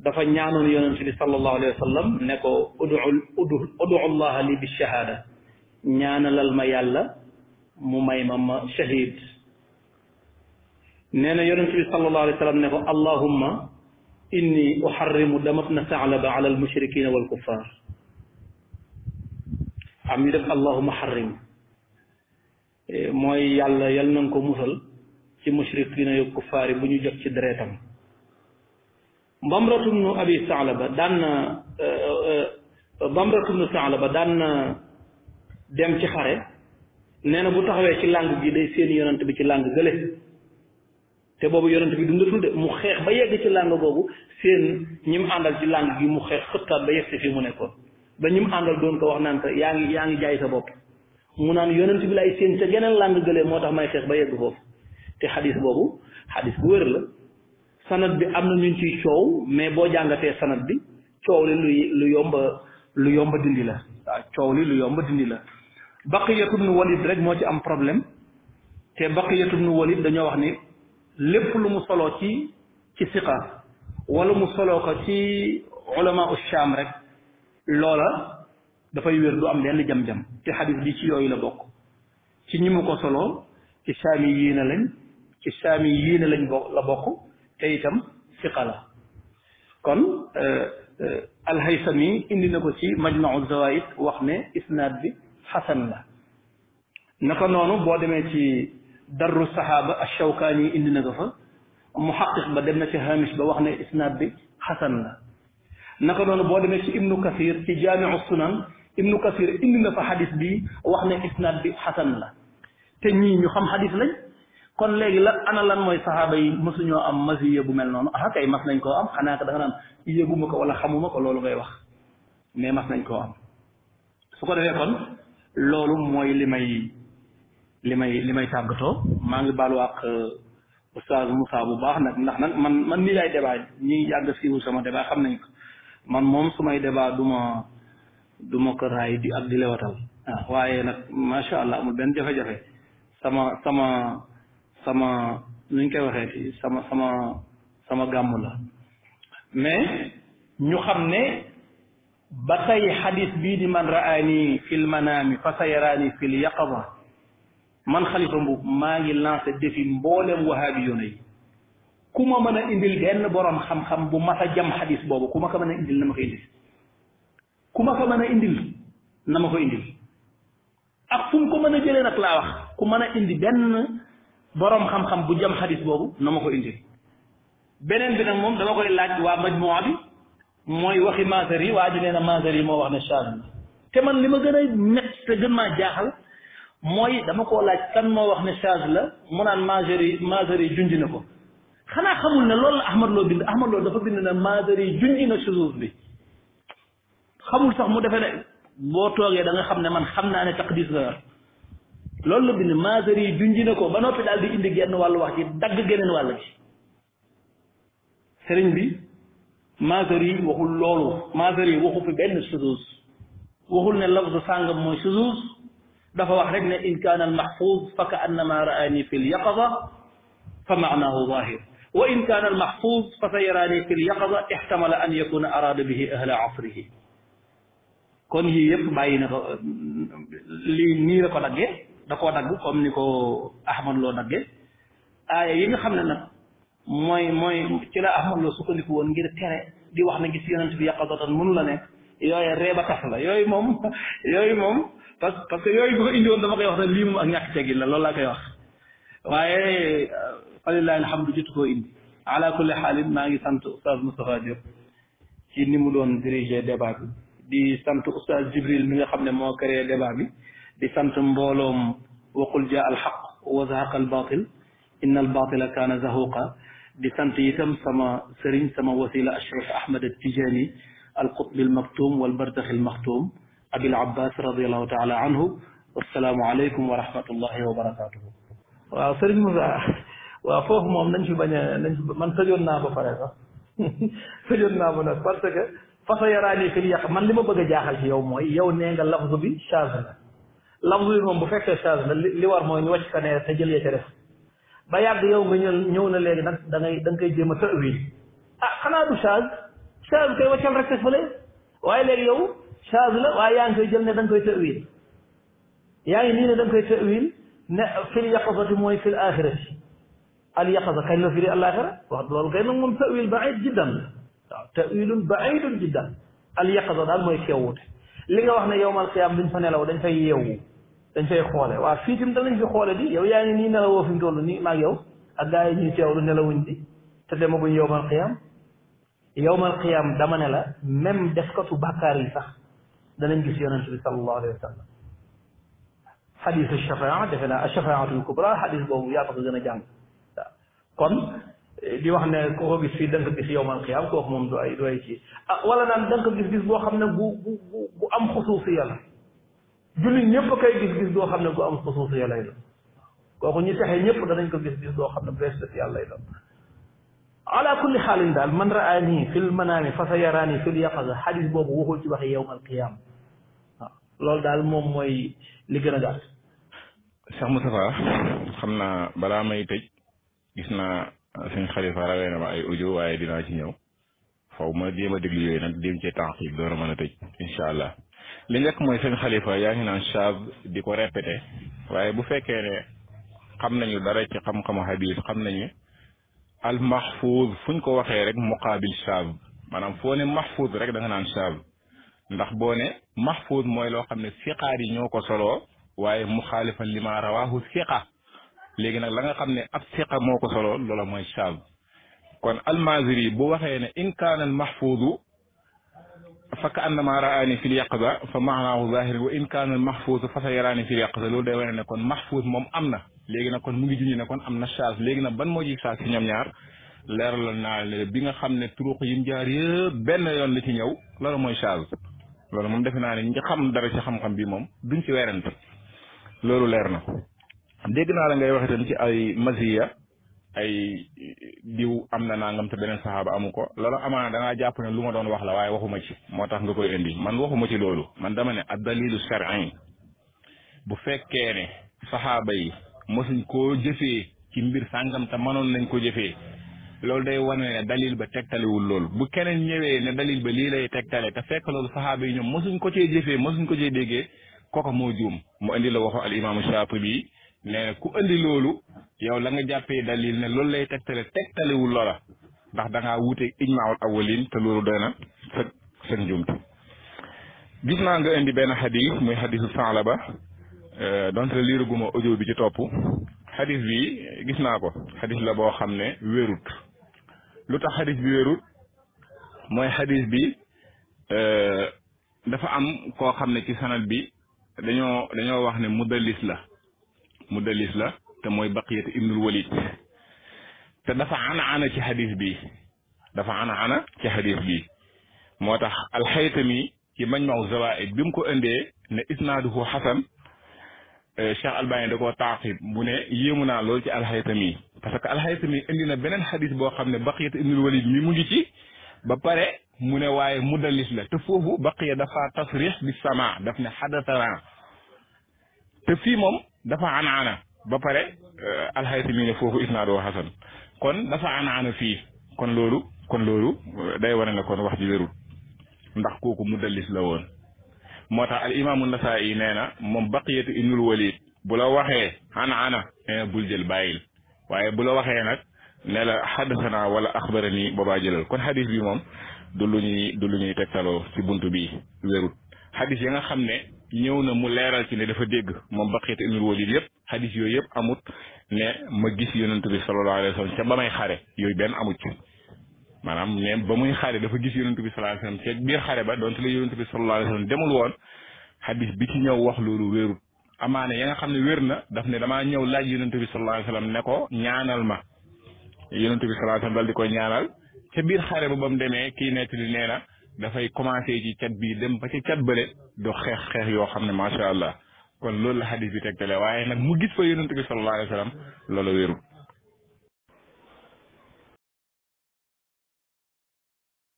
S2: dafa ñaanoon yonent bi sallallahu alayhi wa sallam ne ko udu udu udu li bi shahaada ñaanalal ma yàlla mu may ma ma shahid nee na yonent bi sallallahu alayhi wa sallam ne ko allahumma inni uxarrimu damat na taalaba ala almushrikina walkuffar am ñu def allahuma xarrim mooy yàlla yal na nga ko musal ci mushrikina yu kuffaar yi bu ñu jot ci deretam bamratu bnu abi taalaba daan na bamratu bnu taalaba daan na dem ci xare nee na bu taxawee ci làng gi day seen yonent bi ci làng gële te boobu yonent bi dundatul de mu xeex ba yegg ci làng boobu seen ñi mu àndal ci làng gi mu xeex xëttaat ba yegg si fi mu nekkoon ba ñi àndal doon ko wax naan ko yaa ngi yaa ngi jaay sa bopp mu naan yonent bi ay seen ca geneen làng gëlee moo tax may xeex ba yegg foofu te xadis boobu xadis bu wër la sanad bi am na ñu ci coow mais boo jàngatee sanad bi coow li lu lu yomba lu yomba dindi la waaw coow li lu yomba dindi la Baqiyatu bnu Walid rek moo ci am problème te Baqiyatu dañoo wax ni lépp lu mu solo ci ci siqa wala mu soloo ko ci ulama u sham rek loola dafay wér du am lenn jam-jam te xadis bi ci yooyu la bokk ci ñi mu ko soloo ci saami yéena lañ ci saami yéena lañ bokk la bokk te itam siqa la kon euh, euh, alhaysami indi na ko ci majmau zawaid wax ne isnaad bi xasan la naka noonu boo demee ci darru saxaaba ash-Shawkaani indi na ko fa muxaqiq ba dem na ci Hamish ba wax ne isnaad bi xasan la naka noonu boo demee ci Ibnu Kathir ci jaamiu sunan Ibnu Kathir indi na fa xadis bi wax ne isnaad bi xasan la te ñii ñu xam xadis lañ kon léegi la ana lan mooy saxaaba yi mësuñoo am masiya bu mel noonu ah kay mas nañ koo am xanaa ko da nga naan ko wala xamuma ko loolu ngay wax mais mas nañ ko am su ko defee kon loolu mooy li may. li may li may tàggatoo maa ngi baalu ak euh, oustaz Moussa bu baax nag ndax nag man man nii lay débat ñi yàgg siiwu sama débat xam nañ ko man moom sumay débat du ma du ma ko raay di ak di lewatal waaw ah, waaye nag macha allah amul benn jafe-jafe sama sama sama nuñ koy waxee sama sama sama gàmm la mais ñu xam ne ba tey xadis bii di man raani fil manaami fa sayaraani fil yaqaba man xalifa mbuub maa ngi lancé défi mboolem wahaabi yoona yi ku ma mën a indil benn boroom xam-xam bu mas a jam xadis boobu ku ma ko a indil na ma ko indil ku ma ko mën a indil na ko indil ak fu ko mën a jëlee nag laa wax ku mën a indi benn boroom xam-xam bu jam xadis boobu na ma ko indil beneen bi nag moom dama koy laaj waa majmuwa bi mooy waxi maasari waa ji nee na maasari moo wax ne chaabi te man li ma gën a mett te gën maa jaaxal mooy dama koo laaj kan moo wax ne change la mu naan Mazari Mazari junj na ko xanaa xamul ne lool la Ahmad Lo bind Ahmad Lo dafa bind na Mazari junj na shuzuuz bi xamul sax mu defe ne boo toogee da xam ne man xam naa ne taqdis la yor loolu la bind Mazari junj na ko ba noppi daal di indi genn wàllu wax ci dagg geneen wàll ci sëriñ bi Mazari waxul loolu Mazari waxu fi benn shuzuuz waxul ne lafzu sàngam mooy shuzuuz دفع واحد إن كان المحفوظ فكأنما رأني في اليقظة فمعناه ظاهر وإن كان المحفوظ فسيراني في اليقظة احتمل أن يكون أراد به أهل عصره كون هي يقبعي لي نير كو نجي دكو نجو كم نكو أحمد لو نجي آية يمي خمنا نجي موي موي تلا أحمد لو سكو نكو ونجير تري دي واحد نجي سيران في يقظة من لنك يوي ريبا تفلا يوي موم يوي موم parce parce que yooyu bu ko indi woon dama koy wax rek lii moom ak ñàkk teggin la loolu laa koy wax waaye falilahi alhamdu jotu koo indi ala kulli xaalin maa ngi sant oustaz Moustapha Diop ci ni mu doon diriger débat bi di sant oustaz Jibril mi nga xam ne moo créé débat bi di sant mbooloom waqul ja al xaq wa zahaqa al batil inna al batila kaana zahuqa di sant itam sama sëriñ sama wasila ashraf ahmad tijani al qutbi al maktum al أبي العباس رضي الله تعالى عنه والسلام عليكم ورحمة الله وبركاته وصرنا وفوه مم ننشي بنا من سجلنا بفرقة سجلنا بنا فرقة فسيراني في اليق من لما بقى جاهل في يوم يوم نيجا لفظ بي شاذنا لفظ بي من بفكر شاذنا اللي وار ما ينوش كان تجلي يترس ba yàgg yow nga ñëw na léegi nag da ngay da nga koy jéem a tawil ah xanaa du change شاذ له وايا ان جيل ني دنجكاي تاويل ياي ني ني دنجكاي تاويل في اليقظه موي في الاخره اليقظه كان في الاخره واحد لول غير من تاويل بعيد جدا تاويل بعيد جدا اليقظه دا موي كيوت ليغا واخنا يوم القيامه بن فنلو دنج فاي ييو دنج فاي خوله وا فيتيم دنج في خوله دي يو ياي يعني ني نلا وو فيم دولو ني ما يو ا غاي ني تيولو نلو ونج دي تدي مغو يوم القيامه يوم القيامه دا منلا ميم ديسكو بكاري صح دلن كثيرا نبي صلى الله عليه وسلم حديث الشفاعة دفنا الشفاعة الكبرى حديث بوه يا بقى جن جان كم دي واحد كوه بيسيد دنك بيسي يوم القيامة كوه مم دواي دواي شيء ولا نام دنك بيس بيس بوه خمنا بو بو بو بو أم خصوصية لا جل نيب كاي بيس بيس بوه خمنا بو أم خصوصية لا يلا كوه نيت هي نيب دنك بيس بيس بوه خمنا بس بيس يلا يلا على كل حال دال من رأني في المنام فسيراني في اليقظة حديث بوه هو تبقى يوم القيامة loolu daal moom mooy li gën a gàtt.
S3: Cheikh xam naa balaa may tëj gis naa suñ xalifa rawee ma ay audio waaye dinaa ci ñëw faw ma jéem a déglu yooyu nag dem cee temps yi door a mën a tëj incha allah li njëkk mooy suñ xalifa yaa ngi naan chab di ko répété waaye bu fekkee ne xam nañu dara ci xam-xamu hadis xam nañu al fu fuñ ko waxee rek muqaabil chab maanaam foo ne mahfuz rek da naan chab ndax boo ne mahfuz moy lo xamne siqar yi ñoko solo waye mukhalifa lima rawahu siqa legi nak la nga xamne ab siqa moko solo soloo moy shab kon al maziri bu waxe ne in kana al almahfuzu fa ka anma raani fi al lyaqza fa ma'nahu zahir wa in kana al almahfuzu fa sa fi al yaqza loolu day wone ne kon mahfuz mom amna legi nak kon mu ngi junñi ne kon amna shab legi nak ban mo ji shaaz ci ñom ñaar leral na ne bi nga xamne ne turuq yim jaar yëpp ben yoon li ci ñëw loolu moy shab loolu moom defe naa ne ñi xam dara ci xam-xam bi moom duñ ci werante loolu leer na dégg naa la ngay wax itam ci ay masiya ay diw am na nangam te beneen saxaaba amu ko loolu amaana dangaa jàpp ne lu ma doon wax la waaye waxuma ci moo tax nga koy indi man waxuma ci loolu man dama ne ad dalilu shar'i bu fekkee ne saxaaba yi mosuñ koo jëfee ci mbir sàngam te mënoon nañ ko jëfee loolu day wane ne dalil ba tegtaliwul lool bu keneen ñëwee ne dalil ba lii lay tegtale te fekk loolu saxaaba yi ñoom mosuñ ko cee jëfee mosuñ ko cee déggee koko moo juum mu indi la waxu al imaamu Shaatibi ne ku indi loolu yow la nga jàppee dalil ne loolu lay tegtale tegtaliwul loola ndax da ngaa wuute ijmaawul awwalin te loolu doy na sa sa njuumte gis naa nga indi benn xadis muy xadisu Saalaba euh, donte liiruguma audio bi ci topp xadis bi gis naa ko xadis la boo xam ne wérut lutax hadith bi wérul moy hadith bi euh dafa am ko xamne ci sanad bi dañoo dañoo wax ne mudallis la mudallis la te mooy baqiyat al walid te dafa ana ana ci hadith bi dafa ana ana ci hadith bi moo tax alxaytami ci majmaw zawaid bim ko indee ne isnaduhu hasan cheikh albani da koo taaqib mu ne yéemu naa lool ci alxaytami parce que alxaytami indi na benen hadith bo xamne ne baqiyat ibnul walid mi mu ngi ci ba pare mu ne waaye mudallis la te fofu baqiya dafa tasrih bis sama daf ne hadathara te fi mom dafa anana ba pare alxaytami ne fofu isnadu hasan kon dafa anana fi kon lolu kon lolu day wane ne kon wax ji wérul ndax koku mudallis la won motax tax al imaamu nasaa'i nee na moom baqiyatu ibnul walid bula waxe anana anaana bul jël bayil waaye bu la waxee nag ne la xaddasana wala axbara ni boobaa jëlal kon xadis bi moom du lu ñuy du lu ñuy tegtaloo ci buntu bi wérut xadis ya nga xam ne ñëw na mu leeral ci ne dafa dégg moom baqiyat ibnul walid yëpp xadis yooyu yëpp amut ne ma gis yonent bi sallallahu alayhi wa sallam ca ba may xare yooyu benn amut ci maanaam ne ba muy xare dafa gis yonent bi sallallahu alayhi wa sallam ca biir xare ba donte la yonent bi sallallahu alayhi wa sallam demul woon xadis bi ci ñëw wax loolu wérut amaana ya nga xam ne wér na daf ne damaa ñëw laaj yonentu bi sallallahu alayhi wasallam ne ko ñaanal ma yonentu bi sallallahu alayhi wasallam dal di koy ñaanal ca biir xare ba bam mu demee kii di nee na dafay commencé ci cat bi dem ba ci cat bële do xeex xeex yoo xam ne macha allah kon loolu la xadis bi tegtale waaye nag mu gis fa yonentu bi sallallahu alayhi wasallam loolu
S1: wérul